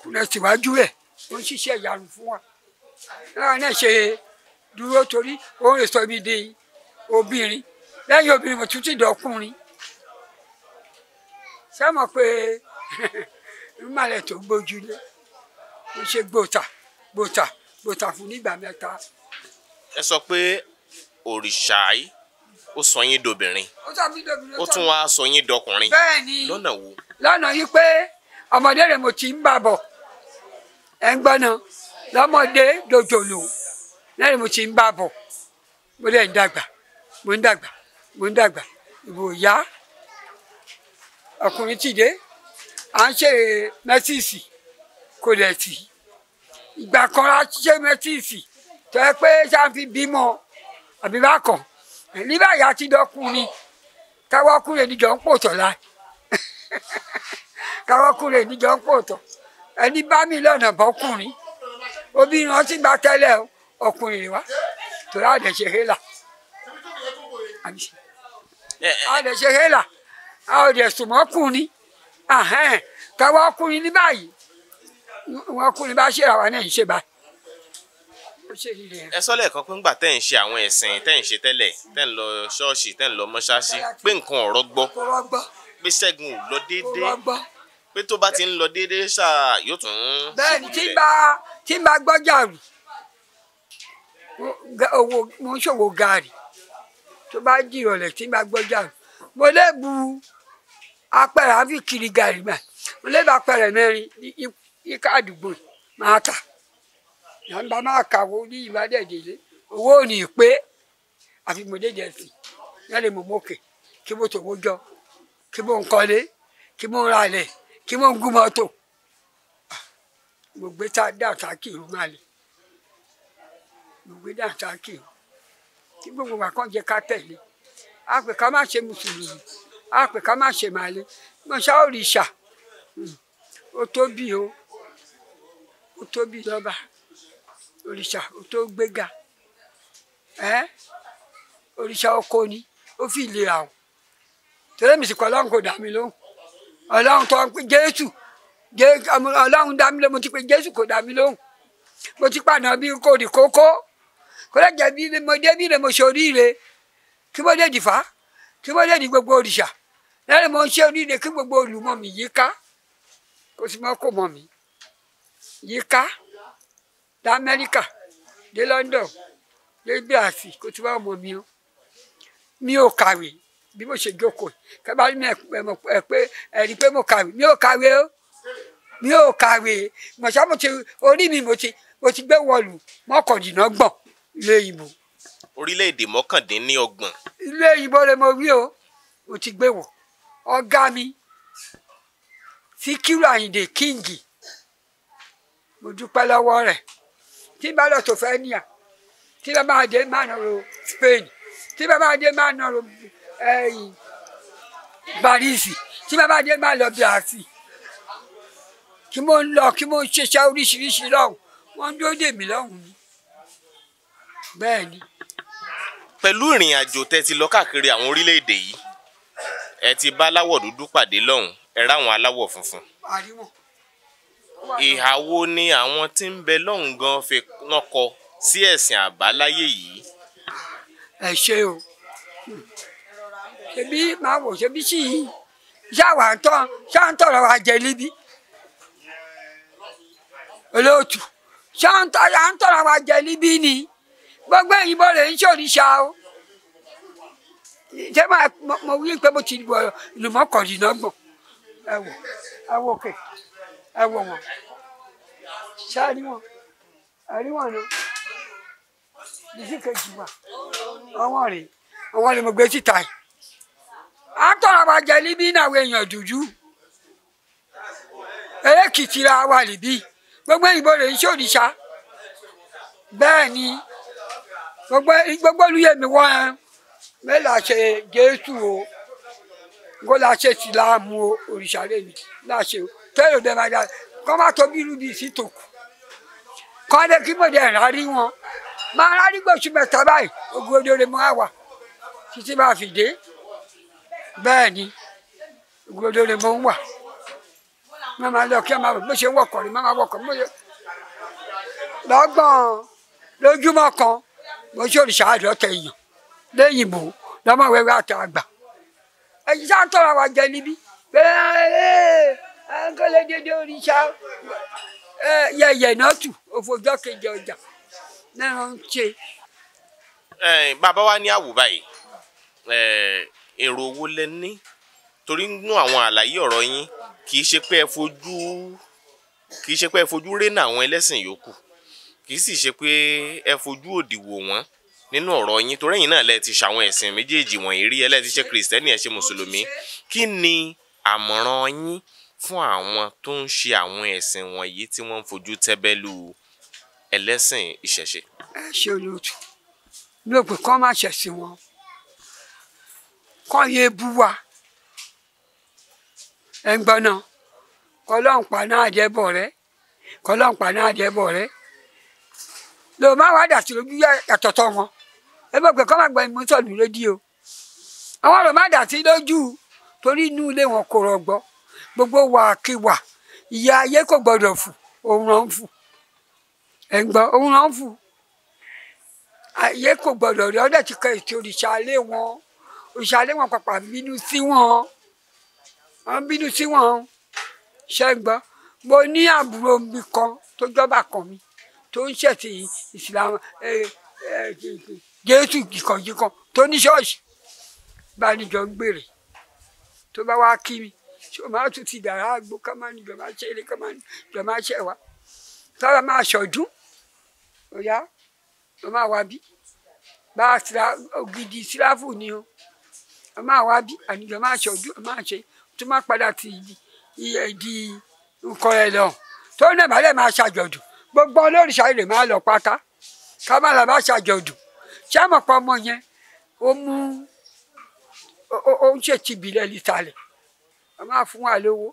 kùnà síwájú ẹ̀ ó ń ṣiṣẹ́ ìyanu fún wa láwọn náà ṣe dúró torí òun lè sọ ibi di obìnrin lẹ́yìn obìnrin mo tún ti dọkùnrin ṣé mo pé n malẹ tó gbójúlé mo ṣe gbòòtà gbòòtà gbòòtà fún nígbà mẹ́ta. ẹ sọ pé òrìṣà yìí ó sọ yín dobìnrin ó tún wá sọ yín dọkùnrin lọ́nà wo. lọ́nà yìí pé ọmọdé rẹ̀ mo ti ń bà bọ̀ ẹ̀ ń gbọ́ náà lọ́mọdé dòjòló lẹ́yìn mo ti ń bá bọ̀ mo lè ń dàgbà mo ń dàgbà mo ń dàgbà ìbò yá ọkùnrin ti dé à ń ṣe mẹ́tíìsì kò dẹ̀ tì ìgbà kan la ṣe mẹ́tíìsì tó yẹ pé sáfi bímọ àbí bá kàn nígbà yá ti dọkùnrin káwọ́ níjọ ń pòtọ̀ la káwọ́ níjọ ń pòtọ̀ ẹni bá mi lọ́nà bọ́kùnrin obìnrin wọn sì gba tẹ́lẹ̀ o ọkùnrin rẹ̀ wá torí àdè ṣe hélà àdè ṣe hélà àdè sùmọ́kùnrin káwọn ọkùnrin ní báyìí wọn ọkùnrin bá ṣèrà wá náà ń ṣe báyìí ẹ sọ lẹ́ẹ̀kan pé ńgbà tẹ́ ń ṣe àwọn ẹ̀sìn tẹ́ ń ṣe tẹ́lẹ̀ tẹ́ ń lọ ṣọ́ọ̀ṣì tẹ́ ń lọ mọ́ṣáṣí pé nǹkan ọ̀rọ̀ gbọ́ pé ṣẹ́gun ò lọ déédéé pé tó bá ti ń lọ déédéé ṣáà yóò tún. bẹ́ẹ̀ni tí bá tí n bá gbọ́ jàrú owó mo ń ṣòwò gaari tó bá di ìrọ̀lẹ́ tí n bá gbọ́ jàrú mo lè bu apẹ̀rẹ̀ àfi kiri gaari gbà mo lè bu apẹ̀rẹ̀ mẹ́rin yíká àdúgbò máa tà yàrá máa kàwé ní ìbádẹ́jẹlé owó ò ní pé àfi mo lè jẹ sí yẹn lè mọ mọ́kè kí mo tòwó jọ kí mo ń kọ́lé kí mo ń ralẹ̀ kí mo ń gún mọ́tò mo gbé dàtàkì ìhùn máa lè mo gbé dàtàkì ìhùn tí gbogbo wa kàn jẹ́ ká tẹ̀lé a pè ká má ṣe mùsùlùmí a pè ká má ṣe màálé mo ṣá òrìṣà hmm. ó tóbi o ó tóbi lọ́ba òrìṣà ó tó gbéga ẹ́ òrìṣà oko ni ó fi ìlera o tẹ́lẹ̀ mi sì kọ́ ọlọ́run kò dá mi lóhùn ọlọ́run tó ń pè jésù ọlọ́run dá mi lóhùn mo ti pe jésù kò dá mi lóhùn mo ti pàdánù bí kò rí kókó kò lẹ́jẹ̀ bí mo dé bí rẹ̀ mo ṣe oríire kí mo dé dìfá kí mo dé di gbogbo òrìṣà lẹ́yìn mo ń ṣe oríire kí gbogbo olùmọ̀ mi yí ká kò sì mọ́ kò mọ̀ mi yí ká dá amẹ́ríkà dé london dé bíàsì kò tí wọ́n mọ̀ mi o mi ò kàwé bí mo ṣe jókòó kẹ́ bá rí mi ẹ̀ pé ẹ̀rí pé mo kàwé mi ò kàwé o mi ò kàwé mọ̀ṣá mo ti orí mi mo ti mo ti gbé wọlù mọ́kàndínlọ́gbọ̀n ilé ìbò. orílẹ̀-èdè mọ́kàndínlọ́gbọ̀n. ilé ìbò rẹ mo rí o mo ti gbé wọ̀ ọ̀gá mi Síkírù Àyìndé kíngì mo dúpẹ́ lọ́wọ́ rẹ̀ tí bá lọ Sofenia tí bá máa dé máa nọ̀rọ̀ Spain tí bá máa dé máa nọ̀rọ̀ eh, Paris tí bá máa dé máa lọ Brazil tí mo ń lọ kí mo ń ṣiṣẹ́ oríṣiríṣi lọ́hùn wọ́n ń dúró dè mí lọ́hùn ni bẹ́ẹ̀ ni. pẹ̀lú ìrìn àjò tẹ́ ti lọ káàkiri àwọn orílẹ̀-èdè yìí ẹ ti bá aláwọ̀ dúdú pàdé lọ́hùn ẹ ráwọn aláwọ̀ funfun. ìhà wo ni àwọn tí ń bẹ lọ́hùn gan fi wọ́n kọ sí ẹ̀sìn àbáláyé yìí. ẹ ṣe o ṣebí máa wò ṣebí sí yìí ṣáà wà ń tọ́ ṣáà ń tọ̀rọ̀ wa jẹ olóòtú ṣé à ń tọ́ra wa jẹ níbí ni gbogbo ìyìnbó rẹ̀ ń ṣòrìṣà o ṣé máa mo wí pé mo ti wọ ìlú mọ́kàndínlọ́gbọ̀n ẹ wò ẹ wò kè ẹ wò wọn ṣé a wọn a wọn náà bísí kejì wa àwọn rè àwọn ni mo gbé síta yìí à ń tọ́ra wa jẹ níbí náà àwọn èèyàn dúdú èyí kìtìra wa nìbí gbogbo òyìnbó rẹ̀ ń ṣòrìṣà bẹ́ẹ̀ ni gbogbo olúyèmí wọ́n ẹ mẹ́lá ṣe jésù o kó la ṣe síláàmù òrìṣà rẹ̀ mi láṣẹ o tẹ́lẹ̀ bẹ́ẹ̀ máa dá kọ́ má tóbi irú sí tòkù kọ́ lé kí mọ̀dé ẹ̀ rárí wọn máa rárí gbòòsù mẹ́ta báyìí ogun odore mọ́ àwà títí máa fi dé bẹ́ẹ̀ ni ogun odore mọ́ wà mo máa lọ kí ẹ máa bọ̀ bó ṣe wọkọ̀ rí máa wọkọ̀ bó ṣe lọ́gbọ̀n lójúmọ́ kan mo ṣe òrìṣà àdọ́tẹ̀ èèyàn lẹ́yìn bò lọ́mọ̀wéwé àti àgbà ẹ̀yìn sáà tọ́ra jẹ níbí bẹ́ẹ̀ ẹ̀ ń kọ́lé dédé òrìṣà yẹ̀yẹ̀ náà tù òfòjọ́ kejì ọjà náà ń ṣe. bàbá wa ní àwò báyìí èrò owó lẹ ní torí nínú àwọn àlàyé ọ̀rọ̀ yín kì í ṣe pé ẹ fojú kì í ṣe pé ẹ fojú rénà àwọn ẹlẹ́sìn yòókù kì í sì ṣe pé ẹ fojú òdì wò wọ́n nínú ọ̀rọ̀ yín torí ẹ̀yin náà lẹ ti ṣàwọn ẹ̀sìn méjèèjì wọ̀nyí rí ẹ lẹ ti ṣe kìrìsìtẹ́nì ẹ ṣe mùsùlùmí kí ni àmọ̀ràn yín fún àwọn tó ń ṣe àwọn ẹ̀sìn wọ̀nyí tí wọ́n ń fojú tẹ́bẹ́lú ẹlẹ́sìn ìṣẹ̀ṣe. ẹ ṣe olóòtú lóògùn kọ́ máa ṣẹ̀sìn wọn kọ́ yẹ bú wa ẹ ń gbọ́ náà kọlọ́n pa náà jẹ́ bọ̀ rẹ kọlọ́n pa náà jẹ́ bọ̀ rẹ lò má wàá dà sí lójú yàtọ̀tọ̀ wọn ẹ bọ̀ pé kọ́ máa gba ẹ̀mú sọ̀nù rédíò àwọn ọ̀rọ̀ má dà sí lójú torí inú ilé wọn kò rọgbọ gbogbo wàkíwà ìyá ayé kò gbọdọ̀ fù òun rán fù ẹ̀ ń gbọ́ òun rán fù ayé kò gbọdọ̀ rí ọdẹ ti kọ ètò òrìṣà wọn òrìṣà wọn pàpà bínú sí wọn wọ́n bínú sí wọn o ṣe gbọ́ mo ní àbúrò mi kan tó jọba kan mi tó ń ṣẹ̀sìn ìsìlámù jésù jìkànjìkàn tó ní ṣọ́ọ̀ṣì bá níjọ ń gbèrè tó bá wá kí mi ṣé o máa tún ti dàrá àgbo ká máa níjọ máa ṣe eré ká máa níjọ máa ṣe wá tára máa ṣọdún ọ̀yá o máa wá bí bá ògidì síláfù ni o o máa wá bí àníjọ máa ṣọdún o máa ṣe tí máa padà ti di nǹkan ẹ lọ tó náà bá lè máa ṣàjọ̀dún gbogbo olóríṣà lè máa lọ pátá ká má là bá ṣàjọ̀dún ṣé àmọ̀ pa ọmọ yẹn ó mú ó ń ṣètì ìbílẹ̀ lítàlẹ̀ a máa fún wa lówó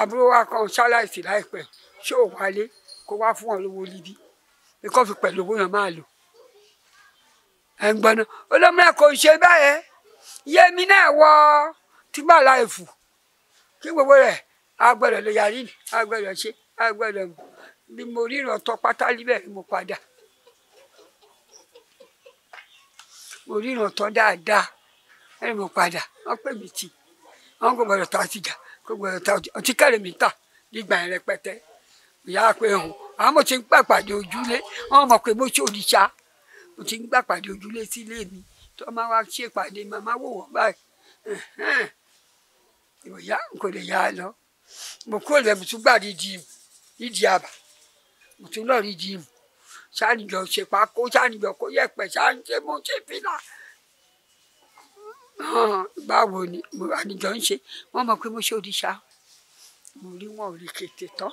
àbúrò wa kan ṣaláìsì láìpẹ́ ṣé ò wálé kó wá fún wọn lówó líbi nǹkan fi pẹ̀lú owó yẹn máa lò ẹ̀ ń gbọ́ná olómìnira kò ṣe báyẹn yémi náà wọ́ọ́ tí má la èfù kí gbogbo rẹ̀ agbẹ̀rẹ̀ lè yarí agbẹ̀rẹ̀ ṣe agbẹ̀rẹ̀ mu bí mo ríran tọ pátá líbẹ̀ mo padà mo ríran tọ dáadáa ẹni mo padà wọn pè mí tì wọn kò gbọ́dọ̀ ta ọtí jà kò gbọ́dọ̀ ta ọtí kẹrẹ mi ta nígbà yẹn rẹpẹtẹ ìyá pé hàn àwọn mo ti ń gbàpàdé ojúlé wọn mọ pé mo ṣe òrìṣà mo ti ń gbàpàdé ojúlé sílé mi tó máa wá ṣèpàdé màmá wò wọn báyìí ya nkwere ya lọ mokwere mo tún gbàdí di mu nídìí àbà mo tún lọ rí di mu sáànìjọ ṣèpá kó sáànìjọ kó yẹpẹ sáànìjọ mo ṣe fìlà báwo ni ànìjọ ń ṣe wọn mọ pé mo ṣe òrìṣà mo rí wọn ò rí kété tán.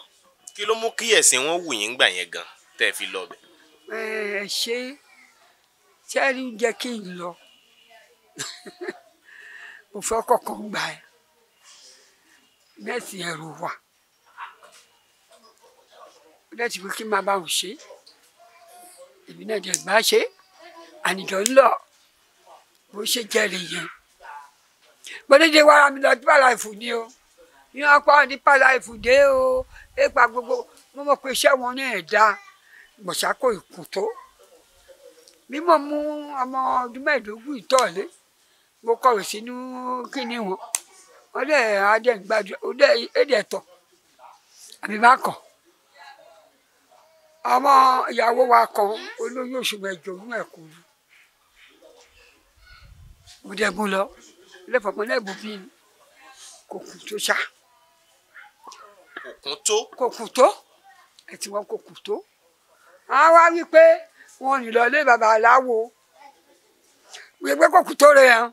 kí ló mú kí ẹ̀sìn wọn wù yín gbà yẹn gan tẹ́ ẹ fi lọ bẹ̀. ẹ ẹ ṣe sẹ́rí ń jẹ́ kí n lọ mo fẹ́ kọ̀ọ̀kan gbà ẹ́ nẹ́ẹ̀sì ẹ̀rù wà nẹ́ẹ̀sì pé kí n máa bá òun ṣe èmi náà jẹ́ ìgbà ṣe ànìjọ ń lọ bó ṣe jẹ́rìí yẹn gbọ́dọ̀dẹ̀ wàrà mi lọ sí pàlàìfù ni o yín ọkọ ní pàlàìfù dé o épa gbogbo mo mọ̀ pé iṣẹ́ wọn náà dá gbọ̀sákò ìkùn tó bí mo mú ọmọ ọdún mẹ́ẹ̀ẹ́dógún ìtọ́ọ̀lé mo kọ̀wé sínú kíní wọn ọdẹ adẹ gbadu ọdẹ ẹdẹ tọ àbí bá kọ ọmọ ìyàwó wa kan olóyún oṣù mẹ́jọ mú ẹkọ lu mo dẹgun lọ lẹfọpọ lẹbù bí kò kù tó ṣá. kò kù tó. kò kù tó ẹ wọn kò kù tó. a wá wí pé wọn ní lọ lé baba aláwo wípé kò kù tó rẹ hàn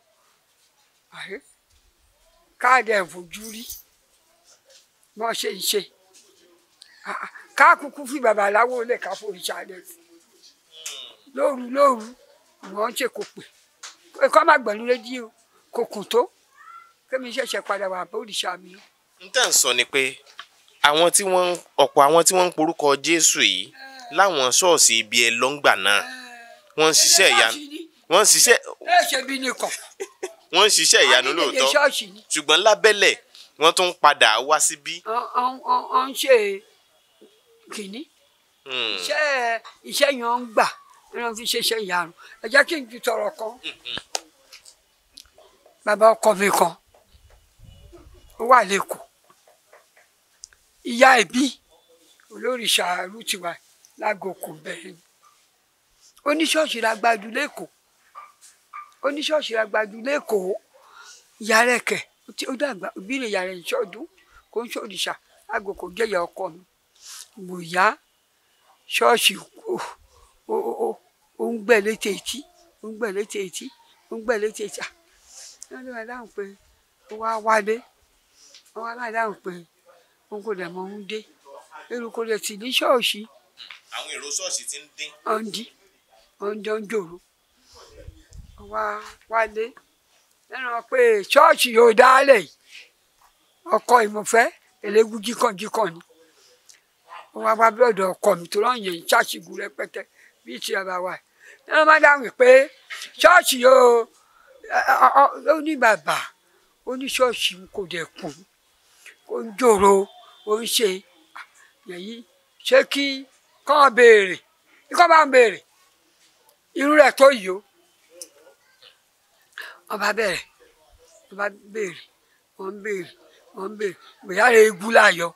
káàdì ẹ̀fọ́jú rí mọ́ ṣe ń ṣe ah, káàkùkù fi bàbá aláwo lè ká foríṣà rẹ̀ lóru lóru wọ́n ń ṣe kò pè é kọ́ má gbẹ̀lú rédíò kò kùn tó kémi ṣẹ̀ṣẹ̀ padà wà bóríṣà mi. n tẹ́ ń sọ ni pé àwọn tí wọ́n ọ̀pọ̀ àwọn tí wọ́n ń porúkọ Jésù yìí láwọn ṣọ́ọ̀ṣì ibi ẹ̀ lọ́ngbà náà wọ́n ń ṣiṣẹ́ ìyanu wọ́n ń ṣiṣẹ́. ẹ ṣe bí nìkan wọ́n ń ṣiṣẹ́ ìyanu lóòótọ́ ṣùgbọ́n lábẹ́lẹ̀ wọ́n tún padà wá síbí. ọ ń ṣe kìnní hmm. iṣẹ́ iṣẹ́ yẹn ń gbà wọ́n fi ṣe iṣẹ́ ìyanu ẹ jẹ́ kí n ju tọrọ kan hmm, hmm. bàbá ọkọ mi kan ó wà lẹ́kọ̀ọ́ ìyá ẹbí olórí ṣàárù tiwa lágòkò bẹ́ẹ̀ ni oníṣọ́ọ̀ṣì la gbájú oníṣọ́ọ̀ṣì agbadu lẹ́kọ̀ọ́ yàrá ẹ̀kẹ́ ó dàgbà ìbílẹ̀ yàrá ìṣọ́ọ̀dún kò ń ṣòrìṣà àgòkò jẹ́yà ọkọ mi gbòyà ṣọ́ọ̀ṣì ó ń gbẹ̀ létí etí ó ń gbẹ̀ létí etí ó ń gbẹ̀ létí etí wọ́n lé wa dáhùn pé ó wá wálé wọ́n wá dáhùn pé òun kò dẹ̀ mọ òun dé èrò kò dẹ̀ sì ní ṣọ́ọ̀ṣì. àwọn èrò ṣọ́ọ̀ṣì ti ń dín. ọ̀ ń dín ọ̀ ń jọ ń jòrò wá wálé ẹran pé ṣọ́ọ̀ṣì yóò dálẹ̀ yìí ọkọ ìmọ̀fẹ́ elégúnjí kan jí kan ni wọn wá wá bí ọ̀dọ̀ ọkọ mi tó rán yẹn ṣáṣìgù rẹpẹtẹ bí ti ọba wa ẹ ló má dáhùn pé ṣọ́ọ̀ṣì yóò ó ní bàbá ó ní ṣọ́ọ̀ṣì kò dẹ̀ kùn ó ń jòrò ó ń ṣe yẹ̀yí ṣé kí kán béèrè kí kán bá ń béèrè irú rẹ̀ tó yìí o wọ́n bá bẹ̀rẹ̀ wọ́n bá béèrè wọ́n ń béèrè wọ́n ń béèrè bóyá eégún láàyọ.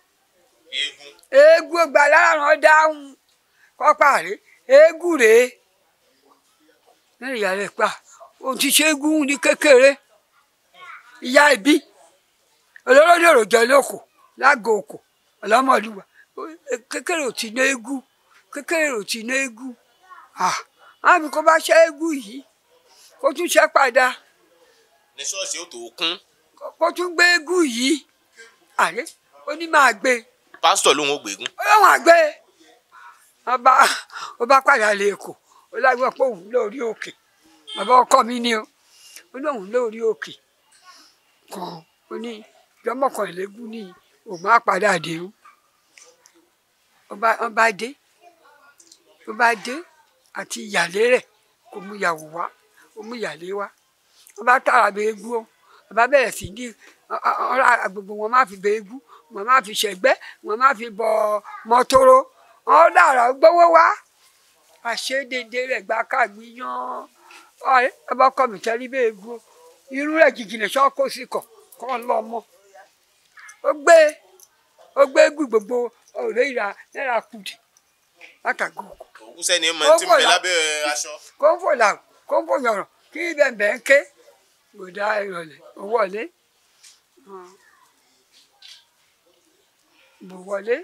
eégún gbà láàrán dáhùn kọ́pà rè eégún rèé lẹ́yìn ìyá rẹ̀ pa òun ti ṣe eégún ní kékeré ìyá ìbí olóròdè òròjọ lóko lágò òkò ọlọ́mọlúwa kékeré ò ti ná eégún kékeré ò ti ná eégún àmì kó bá ṣe eégún yìí kó tún ṣe padà ní ṣọ́ọ̀ṣì ó tó kún. kò tún gbé eégún yìí àyè ó ní máa gbé. pásítọ̀ lòun ò gbégún. ó yọ̀ wọ́n àgbẹ̀ ọba ọba padà lè kó ó lágbọ́n pé òun lórí òkè bàbá ọkọ mi ni o ó lóun lórí òkè kan ó ní jọmọkànlélógún ní òun á padà dé o ọba dé ọba dé àti ìyàlé rẹ̀ kò mú ìyàwó wá kò mú ìyàlé wá wọ́n bá tààrà bẹ egú o bàbá bẹ̀rẹ̀ sí di ọ̀rá gbogbo wọn máa fi bẹ egú wọn máa fi ṣẹ̀gbẹ́ wọn máa fi bọ mọ́tòrò wọn dàrá gbówó wá àṣedéédé rẹ̀ gba káàgbé yan ọ̀rẹ́ ọba kọ́ mi tẹ́lí bẹ egú o irú rẹ̀ jìjìnlẹ̀ sọ́kó sí kọ̀ kọ́ lọ́mọ ó gbé ó gbé egú gbogbo ọ̀rẹ́ ìra náírà kùdì lákàgò. òkú sẹ́ni mọ̀ tí mo fi lábẹ́ aṣọ. kó ń fò làwọn kó ń fò yọ̀rọ̀ kí bẹ́ẹ̀ bẹ́ẹ̀ ń ké bọ̀dá ìrọ̀lẹ́ ó wọlé bò wọlé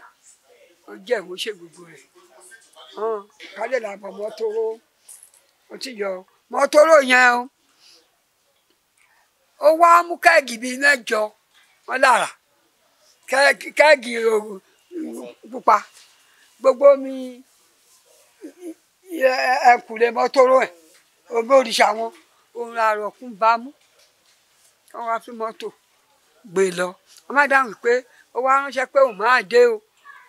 ó jẹ́ ìwé ṣe gbogbo rẹ̀ kálẹ̀ làbọ̀ mọ́tòrò ó ti yọ mọ́tòrò yẹn o ó wá mú kẹ́ẹ̀gì bíi mẹ́jọ wọn lára kẹ́ẹ̀gì pupa gbogbo mi ẹ̀kùlẹ̀ mọ́tòrò ẹ̀ ògbó òrìṣà wọn òun àròkún bá mú wọ́n wá fi mọ́tò gbé lọ wọ́n má dáhùn pé ó wá ránṣẹ́ pé òun máa dé o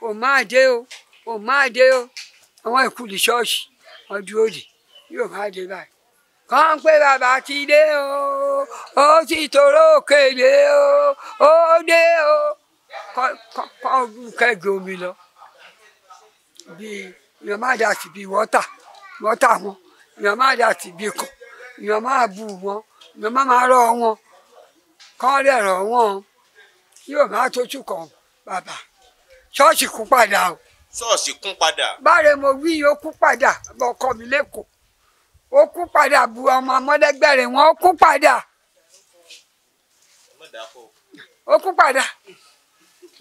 òun máa dé o òun máa dé o àwọn ìkùlù ṣọ́ọ̀ṣì wọ́n dúró dì yóò máa dé báyìí kàn pé bàbá ti dé o ó sì tòró òkèlè o ó dé o kọ́ ọdún kẹ́gbẹ́ omi lọ bíi èèyàn má dà sí bíi wọ́tà wọ́tà wọn èèyàn má dà sí bíi kọ̀ èèyàn má bù wọn èèyàn má má rọ̀ wọn kọ́ dẹ̀ rọ̀ wọ́n yóò má tójú kan bàbá ṣọ́ọ̀ṣì kún padà o. ṣọ́ọ̀ṣì kún padà. báre mo wí yìí ó kún padà ọkọ mi lẹ́kọ̀ọ́ ó kún padà bu ọmọ amọ́dẹ́gbẹ̀rẹ̀ wọn ó kún padà ó kún padà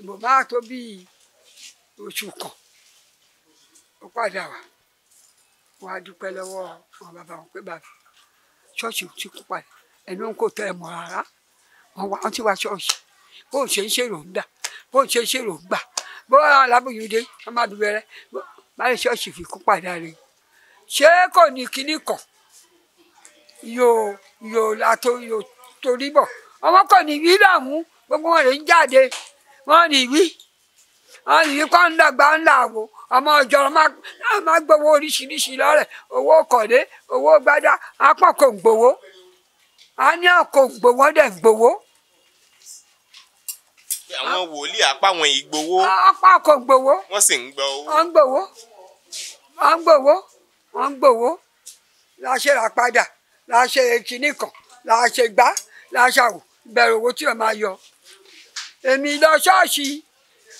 mo máa tó bíi oṣù kan ó padà wá wọn á dúpẹ́ lọ́wọ́ àwọn bàbá wọn pé bàbá ṣọ́ọ̀ṣì ti kún padà ẹni ó ń kó mọ́ rárá wọn wá wọn wá ṣọ́ọ̀ṣì bó ṣe ń ṣèròǹgbà bó ṣe ń ṣèròǹgbà bó alábòyún dé báyìí ṣọ́ọ̀ṣì fi kú padà rè ṣé kò ní kíní kàn yóò yóò látò yóò torí bọ̀ ọmọ kò ní wí láàmú gbogbo wọn rè ń jáde wọn ní wí wọn ní wí kọ́ ń dàgbà ń làwọ̀ ọmọ ọjọ́ máa gbowó oríṣiríṣi lọ́rẹ̀ owó kọ̀dé owó gbádá apọ̀ kò ń gbowó a ní àkó gbowó dẹ̀ gbowó. àwọn wòlíì apá wọn yìí gbowó. apá kò gbowó. wọ́n sì ń gbọ́ owó. wọ́n ń gbowó wọ́n gbowó wọ́n gbowó la ṣe rà padà la ṣe kinní kan la ṣe gbá la ṣàwò ìbẹ̀rù owó tí o máa yọ. èmi lọ ṣọ́ọ̀ṣì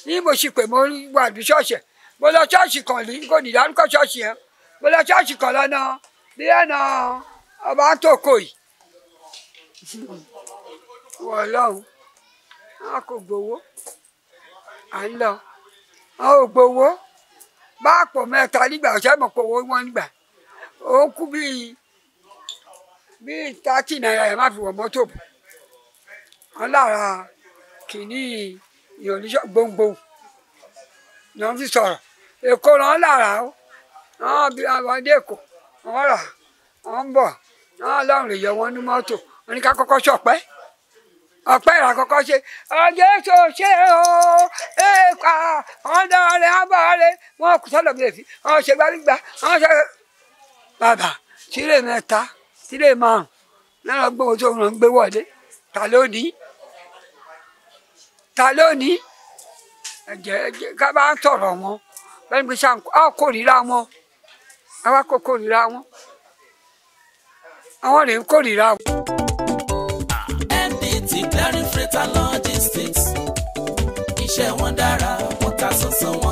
ní mo sì pè mo wà ní ṣọ́ọ̀ṣì mo lọ ṣọ́ọ̀ṣì kan ní kò ní dárúkọ ṣọ́ọ̀ṣì yẹn mo lọ ṣọ́ọ̀ṣì kan lọ́nà bí ẹ̀nà ọba tó kò yìí wọ Ọlọ́run a kò gbowó à ń lọ a ò gbowó bá àpò mẹ́ta nígbà ọ̀sẹ̀ mọ̀ pé owó wọn nígbà ó kú bíi bíi tààtì náírà yẹn má fi wọ mọ́tò bọ̀ wọn lára kìíní ìyọ̀nìṣọ́ gbòǹgbò ni wọ́n fi sọ̀rọ̀ èkó ni wọ́n lára o wọ́n bí wọn dé èkó wọ́n rà wọ́n bọ̀ wọ́n lọ́rùn lè yọ wọn ní mọ́tò wọ́n ní ká kọ́kọ́ ṣọpẹ́ ọpẹ́ ìlà kọ́kọ́ ṣe ọjọ́ èso ṣe o èèkà ọ̀dọ́rẹ́ abọ́rẹ́ wọn kò sọ́dọ̀ bí èfi wọn ṣe gbárígbá wọn ṣe bàbà sílé mẹ́ta sílé márùn náírà gbowó tó ràn gbé wọlé ta ló ní ta ló ní ẹ̀jẹ̀ ẹ̀jẹ̀ ká bá ń sọ̀rọ̀ wọn lẹ́nu pé sáà á kórìíra wọn á wá kó kórìíra wọn àwọn rèé ń kórìíra wọn. iṣẹ́ wọn dára wọn ta sánsan wọn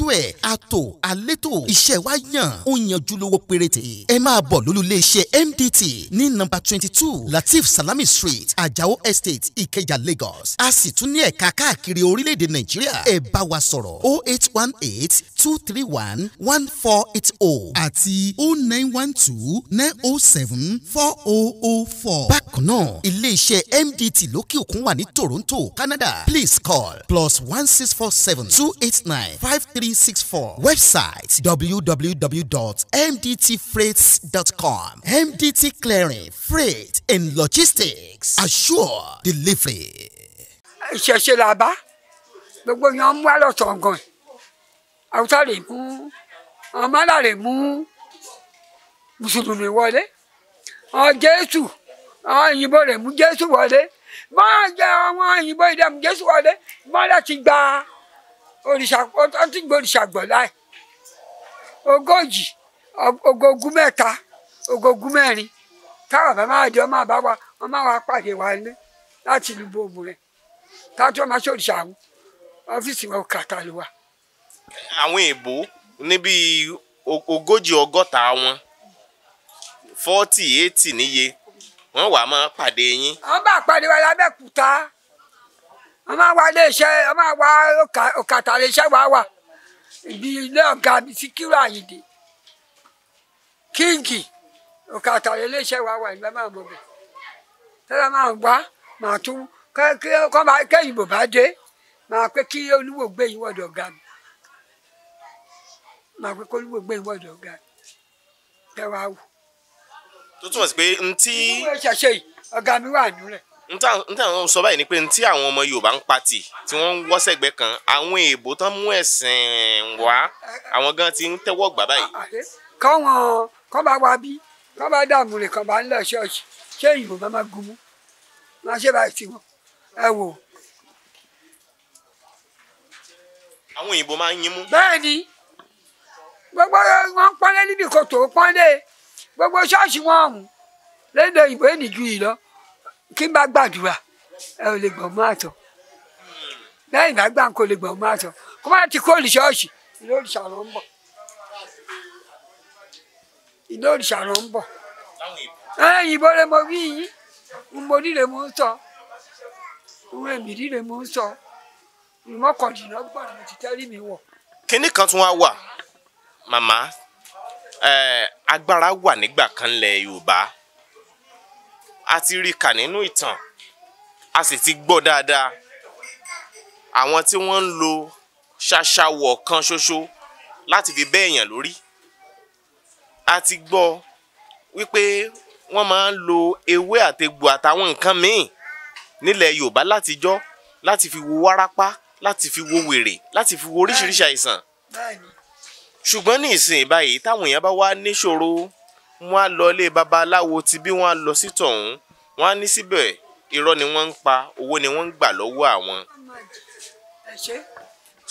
yanjú ẹ̀ àtò àlétò iṣẹ́ wa yàn ó yanjú lówó péréte ẹ máa bọ̀ lólulẹ̀ iṣẹ́ MDT ní nọ́mbà twenty two Latif Salami Street Ajao Estate Ikeja Lagos a sì tún ní ẹ̀ka káàkiri orílẹ̀-èdè Nàìjíríà ẹ bá wa sọ̀rọ̀ o oh eight one eight two three one one four eight oh àti o oh nine one two nine oh seven four oh oh four. bákan náà ilé MDT lókè òkun wà ní Toronto Canada please call plus one six four seven two eight nine five three. 0364. Website www.mdtfreights.com. MDT Clearing, Freight and Logistics. Assure delivery. Ìṣẹ̀ṣe la bá gbogbo yan mú alọ̀tọ̀ gan Haúsá lè mú ọmọlá lè mú mùsùlùmí wọlé ọ Jésù ọ òyìnbó lè mú Jésù wọlé bọ́n jẹ́ ọmọ òyìnbó ìdààmú Jésù wọlé bọ́n láti gba òrìṣà ó ti gbé òrìṣà gbọ̀ láì ogójì ogógún mẹ́ta ogógún mẹ́rin táwọn bàbá máa di ọmọ àbá wa wọn máa wá pàdé wa ní láti ìlú bòmù rẹ táwọn tó máa ṣe òrìṣà àwọn ọ́fíìsì wọn kàtà ló wà. àwọn èèbó níbi ogójì ọgọ́ta wọn fọ́tì éètì níye wọ́n wàá máa pàdé yín. wọ́n bá pàdé wa lábẹ́kúta a máa wá ilé iṣẹ́ a máa wá òkàtà ilé iṣẹ́ wàá wà ibi ilé ọ̀gá mi Síkírù Àyìndé kíǹkì òkàtà ilé iṣẹ́ wàá wà ìgbà máa mọ̀ bẹ̀ tẹ́lẹ̀ máa wá màá tún kẹ́yìnbó bá dé màá pé kí olúwo gbé yín wọ̀dọ̀ ọ̀gá mi màá pé kí olúwo gbé yín wọ̀dọ̀ ọ̀gá mi tẹ́wàá wò. tó túmọ̀ sí pé ntí. ìwé ìṣẹ̀ṣe ọ̀gá mi wà nílẹ̀ níta àwọn sọ báyìí ni pé tí àwọn ọmọ Yorùbá ń patì tí wọ́n ń wọ́sẹ̀gbẹ́ kan àwọn èèbó tán mú ẹ̀sìn wá àwọn gan ti ń tẹ́wọ́ gbà báyìí. káwọn kọ́ bá wa bí kọ́ bá dààmú rẹ̀ kọ́ bá ń lọ ṣọ́ọ̀ṣì ṣé ìbò bá máa gun mú máa ṣe báyìí sí wọn ẹ wò. àwọn òyìnbó máa ń yín mú. bẹ́ẹ̀ ni gbogbo wọn pọ́nlé níbi kòtò pọ́nlé gbogbo ṣọ́ọ̀ṣì wọn ọ̀hún lédè ìbò tí n bá gbàdúrà ẹ ò lè gbọ̀n mọ́ àtọ̀ lẹ́yìn bá gbà kó lè gbọ̀n mọ́ àtọ̀ kó má ti kó olùṣọ́ọ̀ṣì ìlú òrìṣà ló ń bọ̀ ìlú òrìṣà ló ń bọ̀ ẹ̀yìn ìbò rẹ̀ mo wí yín mo ríre mo ń sọ òun èmi ríre mo ń sọ ìmọ̀kàndínlọ́gbọ̀n mo ti tẹ́rí mi wọ̀. kinní kan tún wá wà màmá agbára wà nígbà kan lẹ Yorùbá a ti rí kà nínú ìtàn a sì ti gbọ́ dáadáa àwọn tí wọ́n ń lo ṣaṣawọ̀ kan ṣoṣo láti fi bẹ́ èèyàn lórí a ti gbọ́ wípé wọ́n máa ń lo ewé àtegbò àtàwọn nǹkan míì nílẹ̀ Yorùbá látijọ́ láti fi wo wárápá láti fi wo wèrè láti fi wo oríṣiríṣi àìsàn ṣùgbọ́n ní ìsìn báyìí táwọn èèyàn bá wá níṣòro wọn á lọ ilé babaláwo ti bí wọn á lọ sí tọ̀hún wọn á ní síbẹ̀ irọ́ ni wọ́n ń pa owó ni wọ́n ń gbà lọ́wọ́ àwọn.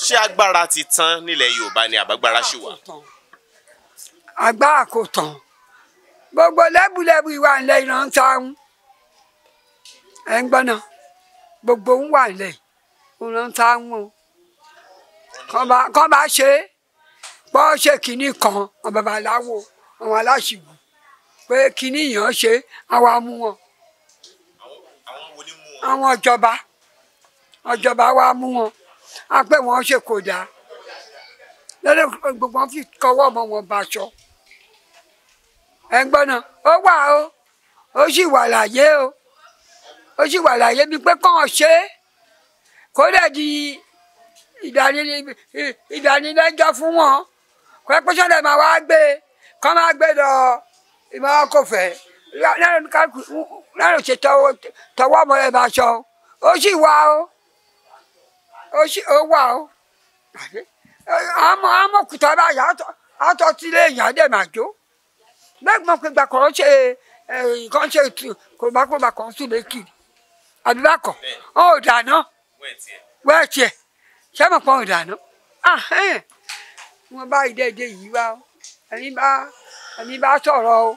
ṣé agbára ti tán nílẹ̀ Yorùbá ni àbágbára ṣì wà. agbára kò tán gbogbo lẹ́bùlẹ́bù ìwà ńlẹ̀ ìrántá ń ẹ̀ ń gbọ́nà gbogbo ń wà ńlẹ̀ ìrántá ń o kọ́ ṣe é ṣe kínní kan àwọn babaláwo àwọn aláṣìwò pé kinní yàn ṣe àwa mú wọn àwọn ìjọba ìjọba wa mú wọn a pé wọn ṣe kò dáa lọ́dọ̀ gbogbo wọn fi kọwọ́ ọmọ wọn bàṣọ ẹ̀ ó wà o ó sì wà láyé o ó sì wà láyé bíi pé kàn ṣe é kódà di ìdánilẹ́jọ́ fún wọn kò máa wá gbé kọ́ máa gbé lọ ìmọ̀ ọkọ̀fẹ́ lẹ́nu ṣe tọwọ́ ọmọ ẹ̀ máa sọ ó sì wá o ó sì ó wà o àmọ́ àmọ́ kùtà báyà àtọ́ tí ilé èèyàn dẹ̀ máa jó lẹ́gbọ̀n pé gbàkọ̀ ṣe nǹkan ṣe kò bá kó gbàkọ̀ sùn lékiri àdúràkọ̀ ó dáná wẹ́ẹ̀tì ẹ̀ no, ah ò dáná wọ́n bá ìdẹ́ẹ̀dẹ́ yìí wá ẹ̀yin bá ẹni bá sọ̀rọ̀ o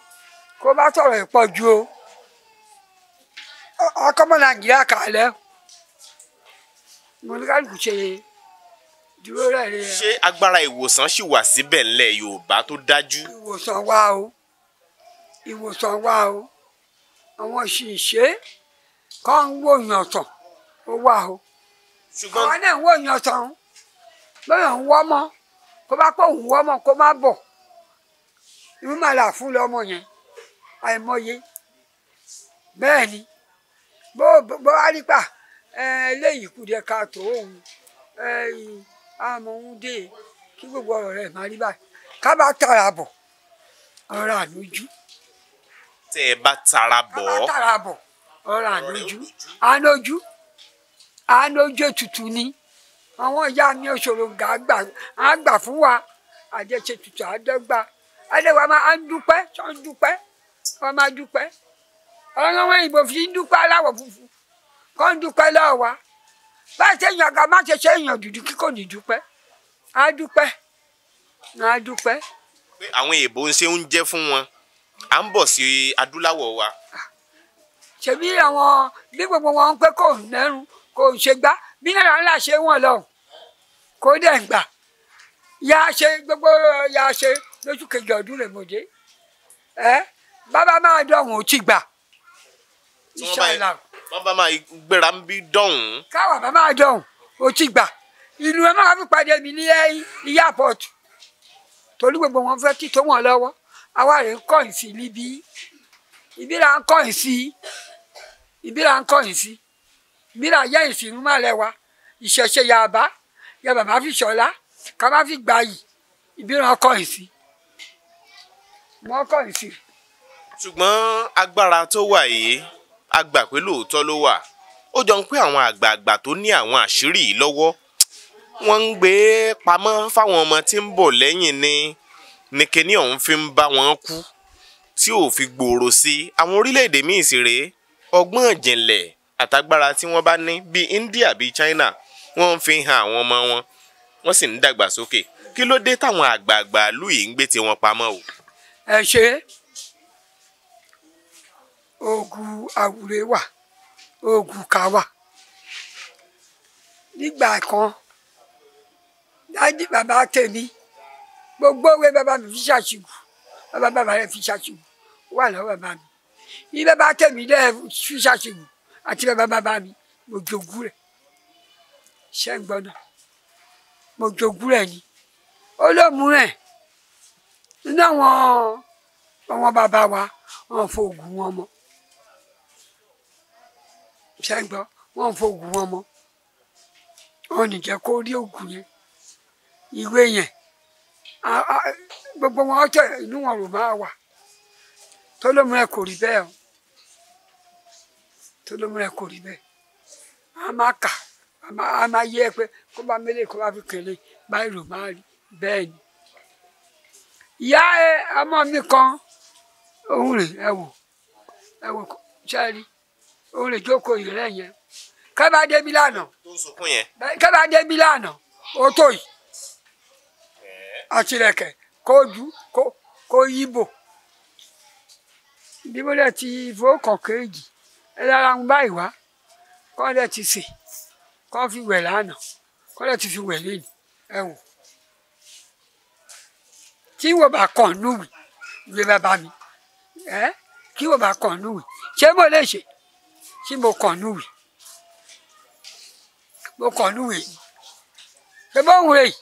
kó bá sọ̀rọ̀ ìpọ̀ ju o ọkọ̀mọ nàìjíríà kàlẹ́ mo ní kálukú ṣe dúró rẹ̀ rẹ̀. ṣé agbára ìwòsàn ṣì wà síbẹ̀ ńlẹ̀ yorùbá tó dájú. ìwòsàn wà o ìwòsàn wà o àwọn ṣìṣe kọ́ ń wò yàn tán ó wà o àwọn náà ń wò yàn tán bóyá ń wọ́ mọ́ kó bá pọ̀ ń wọ́ mọ́ kó má bọ̀ irú màlà fún lọ́mọ yẹn àìmọye bẹ́ẹ̀ ni bó bó arípa eléyìí kùdẹ ká tó òun àmọ́ òun dé kí gbogbo ọ̀rọ̀ rẹ̀ má rí báyìí ká bá tara bọ̀ ọ̀rọ̀ àlójú. tẹ ẹ bá tara bọ̀. ká bá tara bọ̀ ọ̀rọ̀ àlójú àlójú àlójú ètùtù ni àwọn ìyá mi òṣòro gàgbà àgbà fún wa àjẹsẹtùtù àdọ́gba ẹlẹ́ wa máa ń dúpẹ́ tó ń dúpẹ́ wọ́n máa dúpẹ́ ọ̀rọ̀ wọn ìbò fi ń dúpẹ́ aláwọ̀ funfun kọ́ ń dúpẹ́ lọ́wọ́ wa bá a ṣe yàn ga má ṣe ṣe èèyàn dúdú kí kò ní dúpẹ́ á dúpẹ́ á dúpẹ́. pé àwọn èèbó ń ṣe oúnjẹ fún wọn à ń bọ̀ sí adúláwọ̀ wa. ṣèbí àwọn bí gbogbo wọn ń pẹ́ kò nẹ́rùn kò ṣe gbá bí náírà ńlá ṣe wọ́n lọ kó dẹ̀ gbà yà á ṣe gbogbo yà á ṣe lójú kejì ọdún rẹ̀ mọ̀dé ẹ bàbá máa dọ̀hún ó gbà ìṣàlà. bàbá máa gbéra ń bí dọ̀hún. káwọn bàbá máa dọ̀hún ó gbà ìlú ẹ máa fi pàdé mi ní ìyá pọ̀tù torí gbogbo wọn fẹ́ títọ́ wọn lọ́wọ́ àwa rẹ̀ ń kọ́yìn sí níbí ibi là ń kọ́yìn sí ibi là ń kọ́yìn sí ibi là yẹ́ ìsìnkú má lẹ́wà ìṣẹ̀ṣe yàbá yàbá má fi ṣọlá ká má fi gbàyì ibi là ń kọ́yìn sí wọ́n kọ̀ sí. ṣùgbọ́n agbára tó wà yìí a gbà pé lóòótọ́ ló wà ó jọ ń pé àwọn àgbààgbà tó ní àwọn àṣírí yìí lọ́wọ́ wọ́n ń gbé pamọ́ fáwọn ọmọ tí ń bọ̀ lẹ́yìn ni ni kinní ọ̀hún fi ń bá wọn kú tí ò fi gbòòrò sí àwọn orílẹ̀-èdè míì sì rèé ọgbọ́n ìjìnlẹ̀ àtagbára tí wọ́n bá ní bíi India bíi China wọ́n ń fi hàn àwọn ọmọ wọn wọ́n sì ń dàgbàsókè kí ló dé táwọn àgbààgbà ìlú yìí ń gbé tiwọn pamọ́ o ẹ ṣe oògùn àwùrè wà oògùn ká wà nígbà kan dájú bàbá tèmi gbogbo owó bàbá mi fi ṣàṣìgù bàbá bàbá rẹ fi ṣàṣìgù wà lọ́wọ́ bàbá mi ní bàbá tèmi lẹ́ẹ̀ fi ṣàṣìgù àti bàbá bàbá mi mo jogún rẹ̀ ṣẹ́ ń gbọ́dọ̀ mo jogún rẹ̀ ni ó lóun rẹ̀ nínú àwọn àwọn bàbá wa wọn fò ògùn wọn mọ ṣe wọn fò ògùn wọn mọ wọn ní jẹ́ kó rí ògùn yẹn ìwé yẹn gbogbo wọn ọjọ́ inú wọn ò máa wà tó ẹ kò rí bẹ́ẹ̀ o tó ẹ kò rí bẹ́ẹ̀ a máa kà a máa yẹ ẹ pé kó bá mélèé kó bá fi kèlè báyìí ló máa rí bẹ́ẹ̀ ni ìyá ẹ ọmọ mi kan òun rè ẹ wò ẹ wò sẹ́ẹ̀rì òun rè jókòó yìí lẹ́yìn kẹ́bà débi lánàá kẹ́bà débi lánàá ó tó yìí àtìlẹ̀kẹ̀ kó ju kó yíbò bí mo lẹ ti fowó kàn kéèjì ẹ lára ń báyìí wá kọ́ lẹ ti sè kọ́ fi wẹ̀ lánàá kọ́ lẹ ti fi wẹ̀ lẹ́yìn ẹ wò tí wò bá kàn núwì ìwé bàbá mi ẹ kí wò bá kàn núwì ṣé mo lè ṣe tí mo kàn núwì mo kàn núwì yìí pé bó ń wé yìí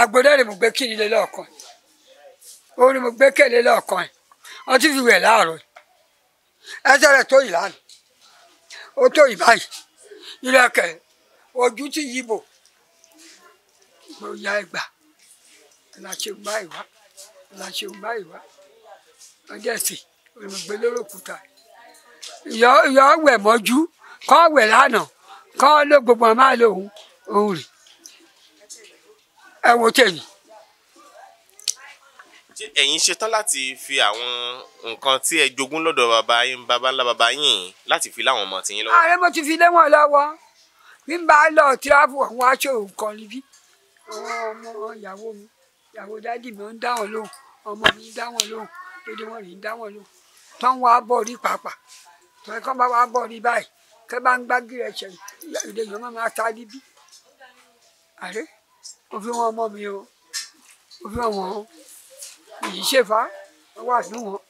àgbọ̀dá rẹ̀ mo gbé kíni lé lọ́ọ̀kan òun ni mo gbé kéde lọ́ọ̀kan yìí wọ́n ti fi wẹ̀ láàárọ̀ ẹsẹ̀ rẹ̀ tó yìí lánàá ó tó yìí báyìí ìrẹ̀kẹ̀ ojú ti yíbo mo ya ẹgbàá la ṣe báyìí wá la ṣe báyìí wá ọjọ́ ẹ̀sìn olùgbé lórúkúta yọ yọ wẹ̀ mọ́jú kọ́ wẹ̀ lánàá kọ́ ló gbogbo ọmọ àlọ́ òun òun rì ẹ wo tẹ̀yìn. ẹ̀yin ṣetán láti fi àwọn nǹkan tí ẹ jogún lọ́dọ̀ bàbá yín bàbá ńlá bàbá yín láti fi láwọn ọmọ tiyín lọ́wọ́. ààrẹ mo ti fi lé lọ́wọ́ bí n bá lọ tíráfù àwọn aṣọ òǹkan níbí àwọn ọmọ ìyàwó mi ìyàwó dádì mi ń dá wọn lóhùn ọmọ mi ń dá wọn lóhùn dédé wọn rìn ń dá wọn lóhùn tó ń wá bọ̀ rí pàápàá tó ń kọ́ bá wá bọ̀ rí báyìí kẹ́ bá ń gbági rẹ̀ ṣẹ̀yìn yìí wọ́n máa ta níbí àrẹ òfin wọn ọmọ mi o òfin wọn o ìyí ṣe fa wọ́n wà nú wọn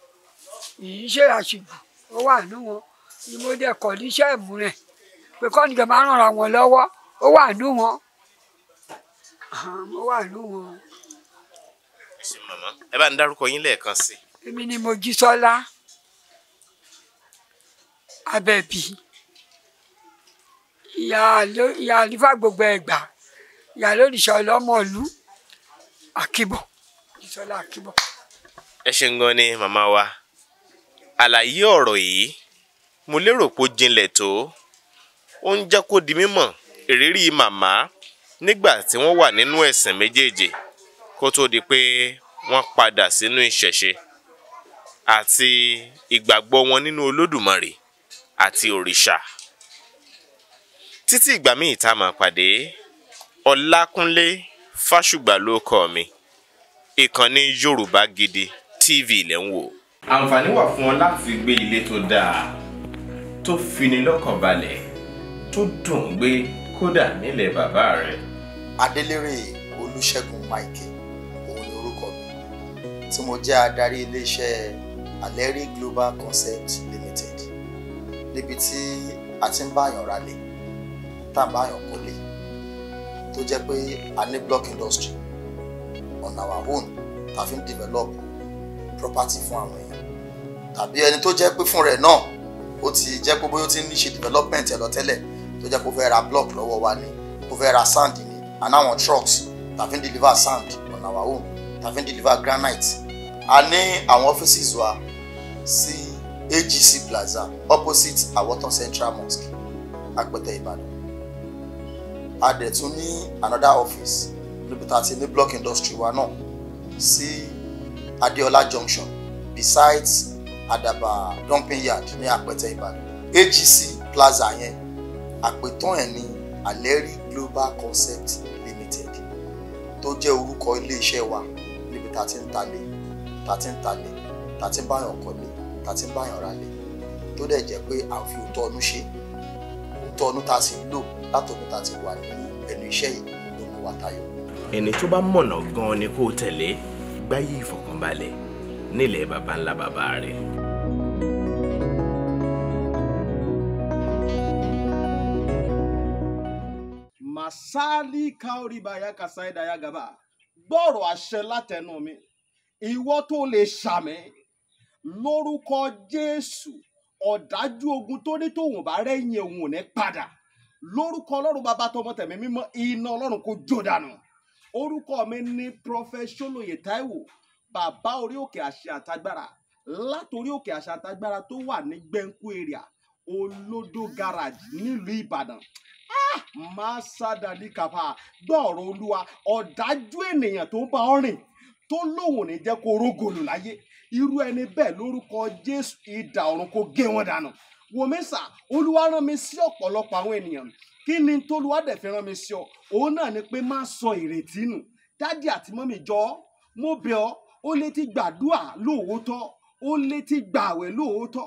ìyí ṣe àṣìgbù wọ́n wà nú wọn ni mo dẹ̀ kọ̀ níṣẹ́ ìmúrẹ̀ pé kọ́nìkẹ́ máa ń ràn wọn lọ́wọ́ ó wà nú wọn ó wà nú wọn ẹ ṣe màmá ẹ bá ń dárúkọ yín lẹ́ẹ̀kan sí. èmi ni Mojísọ́lá Abẹ́bí ìyá àlífà gbogbo Ẹ̀gbá ìyá lóríṣà ọlọ́mọ̀ọ́lú Akíbọ̀ Mojísọ́lá Akíbọ̀. ẹ ṣe ń gan ni màmá wa àlàyé ọ̀rọ̀ yìí mo lérò pé ó jinlẹ̀ tó ó ń jẹ́ kó di mímọ̀ ìrírí màmá nígbà tí wọ́n wà nínú ẹ̀sìn méjèèjì kó tó di pé wọ́n padà sínú ìṣẹ̀ṣe àti ìgbàgbọ́ wọn nínú olódùmarè àti òrìṣà títí ìgbà míì tá a máa pàdé ọlákúnlé fásùgbà ló kọ mi ìkànnì yorùbá gidi tv lẹ ń wò. àǹfààní wà fún ọ láti gbé ilé tó dáa tó fini lọ́kàn balẹ̀ tó dùn gbé kódà nílẹ̀ bàbá rẹ̀. adélèrè olúṣẹ́gun michael tí mo jẹ́ adarí iléeṣẹ́ Aleri Global Concept Limited níbi tí a ti ń báyàn ralẹ̀ tá a báyàn kọ́lé tó jẹ́ pé a ní block industry on our own tá fi ń develop property fún àwọn èèyàn tàbí ẹni tó jẹ́ pé fún rẹ̀ náà ó ti jẹ́ pé bóyá ó ti ń ṣe development ẹ̀ lọ tẹ́lẹ̀ tó jẹ́ kó fẹ́ ra block lọ́wọ́ wa ni kó fẹ́ ra sand ni and àwọn trucks tàbí deliver sand on our own tàbí deliver granite a ní àwọn offices wa sí AGC Plaza opposite Awotan Central Mosque Apẹtẹ Ìbàdàn a dẹ̀ tún ní another office níbi tá a block industry wa náà sí Adeola Junction besides Adaba dumping yard ní Apẹtẹ Ìbàdàn AGC Plaza yẹn àpètàn e ni Aleri Global Concept Limited tó jẹ́ orúkọ iléeṣẹ́ wa ta ti ń talé ta ti ń talé ta ti ń báyàn kọ́lé ta ti ń báyàn ralé tó dẹ̀ jẹ́ pé à ń fi òótọ́ ọdún ṣe òótọ́ ọdún ta sì lò látọ̀dún ta ti wà nínú ẹnu iṣẹ́ yìí ló mú wa tayọ. ẹni tó bá mọ̀nà gan-an ni kó tẹ̀lé gbáyé ìfọ̀kànbalẹ̀ nílẹ̀ baba ńlá baba rẹ̀. masali kaori baya kasai daya gaba gbọ́rọ̀ àṣẹ látẹnu mi ìwọ tó lè ṣàmì lórúkọ Jésù ọ̀dájú ogun tó ní tòun bá rẹ́yìn òun ò ní padà lórúkọ ọlọ́run bàbá tọmọ tẹ̀mí mímọ́ iná ọlọ́run kò jó dànù orúkọ mi ní prọfẹsọlóye Táíwò bàbá orí òkè àṣẹ àtagbára látòrí òkè àṣẹ àtagbára tó wà ní gbẹ̀ǹkú area olódó garage nílùú Ìbàdàn masadali kapa gbọ́ọ̀rọ̀ olúwa ọ̀dájú ènìyàn tó ń bá ọ rìn tó lóun ò ní jẹ́ kó rógòlù láyé irú ẹni bẹ́ẹ̀ lórúkọ jésù idà ọ̀run kó gé wọn dànù wòmísà olúwa rán mi sí ọ̀pọ̀lọpọ̀ àwọn ènìyàn kí ni tolúwa dẹ̀ fi rán mi sí ọ òun náà ni pé má sọ ìrètí nù dádì àti mọ́mì jọ ọ́ mo bẹ̀ ọ́ ó lè ti gbàdúà lóòótọ́ ó lè ti gbààwẹ̀ lóòótọ́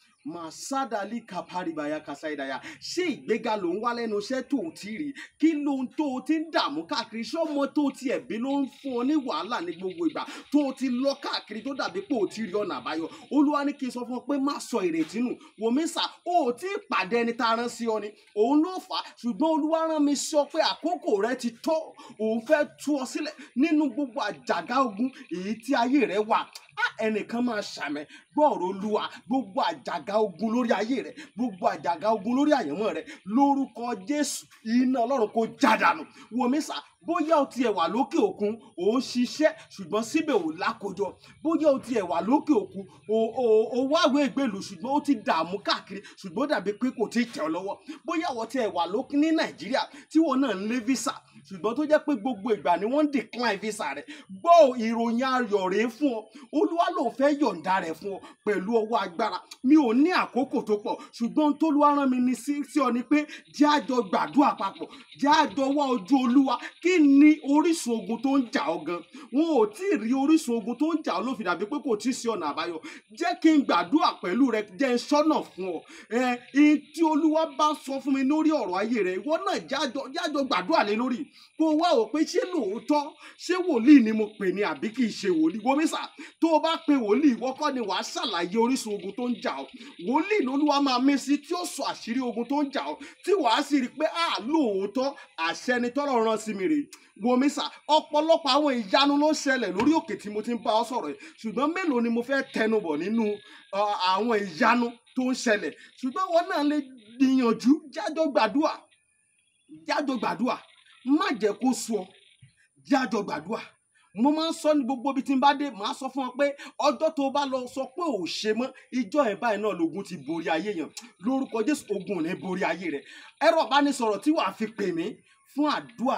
màsádàlì kàpárìbàyà kàsáìdàyà ṣé ìgbéga ló ń wá lẹ́nu iṣẹ́ tó ti rí kí ló ń tó o ti ń dààmú káàkiri ṣé ọmọ tó ti ẹ̀bí ló ń fún ọ ní wàhálà ní gbogbo ìgbà tó o ti lọ káàkiri tó dàbí pé o ti rí ọ̀nà àbáyọ olúwa ní kí n sọ fún ọ pé má sọ ìrètí nù wòmísà o ò tí ì pàdé ẹni tá a rán sí ọ ni òun ló fà á ṣùgbọ́n olúwa rán mi sọ pé àkókò rẹ ti tó òun fẹ́ tú ọ sílẹ̀ nínú gbogbo àjàgà ẹnìkan máa ṣàmẹ gbọ́ọ̀rọ̀ olúwa gbogbo àjàgà ogun lórí ayé rẹ gbogbo àjàgà ogun lórí àyànmọ́ rẹ lórúkọ jésù iná ọlọ́run kò jádànù wòmísà bóyá o tiẹ̀ wà lókè òkun ò ń ṣiṣẹ́ ṣùgbọ́n síbẹ̀ ò lákojọ bóyá o tiẹ̀ wà lókè òkun ò wáwé ìgbèlú ṣùgbọ́n ó ti dààmú káàkiri ṣùgbọ́n ó dàbí pé kò tí ì tẹ̀ ọ́ lọ́wọ́ bóyá o tiẹ̀ wà lókè ní nàìjíríà tí wọn náà ń lé visa ṣùgbọ́n tó jẹ́ pé gbogbo ìgbà ni wọ́n ń decline visa rẹ̀ gbọ́ ìròyìn ayọ̀ rèé fún ọ olúwa ló fẹ́ yọ̀ǹda rẹ̀ fún ọ pẹ̀lú ọwọ́ agbára mi ò ní àkókò tó pọ̀ ṣùgbọ́n tólúwa rán mi ní sí ọ ni pé jẹ́ àjọ gbàdúrà papọ̀ jẹ́ àjọ wá ojú olúwa kí ni orísun ogun tó ń jà ọ gan wọn ò tí ì rí orísun ogun tó ń jà ọ ló fi dàbí pé kò tí ì sí ọ̀nà àbáyọ jẹ́ kí n gbàdúrà pẹ̀lú rẹ jẹ́ n sọ́nà fún ọ ẹ̀ ẹ̀ tí olúwa bá sọ fún mi lórí ọ̀rọ̀ ayé rẹ ìwọ náà jájọ jájọ gbàdúrà lé lórí kó wá wò pé ṣé lóòótọ́ ṣé wòlíì ni mo pè ní àbí kì í ṣe wòlíì wo mísà tó o bá pe wòlíì ìwọ kọ́ ni wàá ṣàlàyé orísun ogun tó ń jà ọ́ wòlíì lolúwa máa mí sí tí ó sọ àṣírí ogun tó ń jà ọ́ tí wàá sì rí i pé a lóòótọ́ àṣẹ ni tọ́lọ̀ rán sí mi rèé wo mísà ọ̀pọ̀lọpọ̀ àwọn ìyanu ló ń ṣẹlẹ̀ lórí òkè tí mo ti ń bá ọ sọ̀rọ̀ yìí ṣùgbọ́n mélòó ni mo fẹ́ tẹnubọ̀ nínú àwọn ìyanu tó ń ṣẹlẹ̀ ṣùgbọ́n wọn náà lè gbìyànjú jájọ́ gbàdúà jájọ́ gbàdúà má jẹ́ kó sú ọ jẹ́ àjọ gbàdúrà mo máa ń sọ ní gbogbo ibi tí n bá dé màá sọ fún ọ pé ọjọ́ tó bá lọ sọ pé ò ṣe mọ́ ìjọ ẹ̀ báyìí náà lògùn ti borí ayé yẹn lórúkọ jésù ogun ò ní borí ayé rẹ ẹ̀rọ ìbánisọ̀rọ̀ tí wàá fi pè mí fún àdúà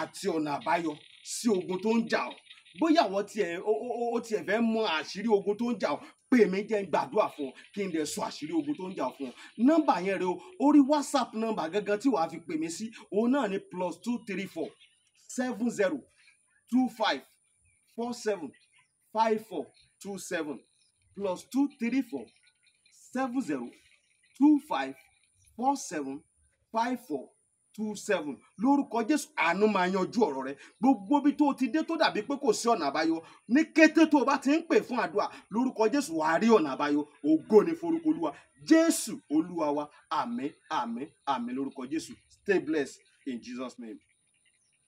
àti ọ̀nà àbáyọ sí ogun tó ń jà ọ́ bóyá àwọn tiẹ̀ fẹ́ mọ àṣírí ogun tó ń jà ọ́ pé èmi jẹ́ ń gbàdúrà fún ọ kí n lè sọ àṣírí ogun tó ń jà fún ọ nọ́mbà yẹn rẹ o orí whatsapp nọ́mbà gangan tí wàá fi pè mí sí òun náà ni plus two three four seven zero two five four seven five four two seven plus two three four seven zero two five four seven five four two seven lórúkọ jésù àánú máa yanjú ọ̀rọ̀ rẹ gbogbo bí tó o ti dé tó dàbí pé kò sí ọ̀nà àbáyọ ní kété tó o bá ti ń pè fún àdúrà lórúkọ jésù wàá rí ọ̀nà àbáyọ ògo ni forúkọ olúwa jésù olúwa wa àmín àmín àmín lórúkọ jésù stay blessed in jesus name.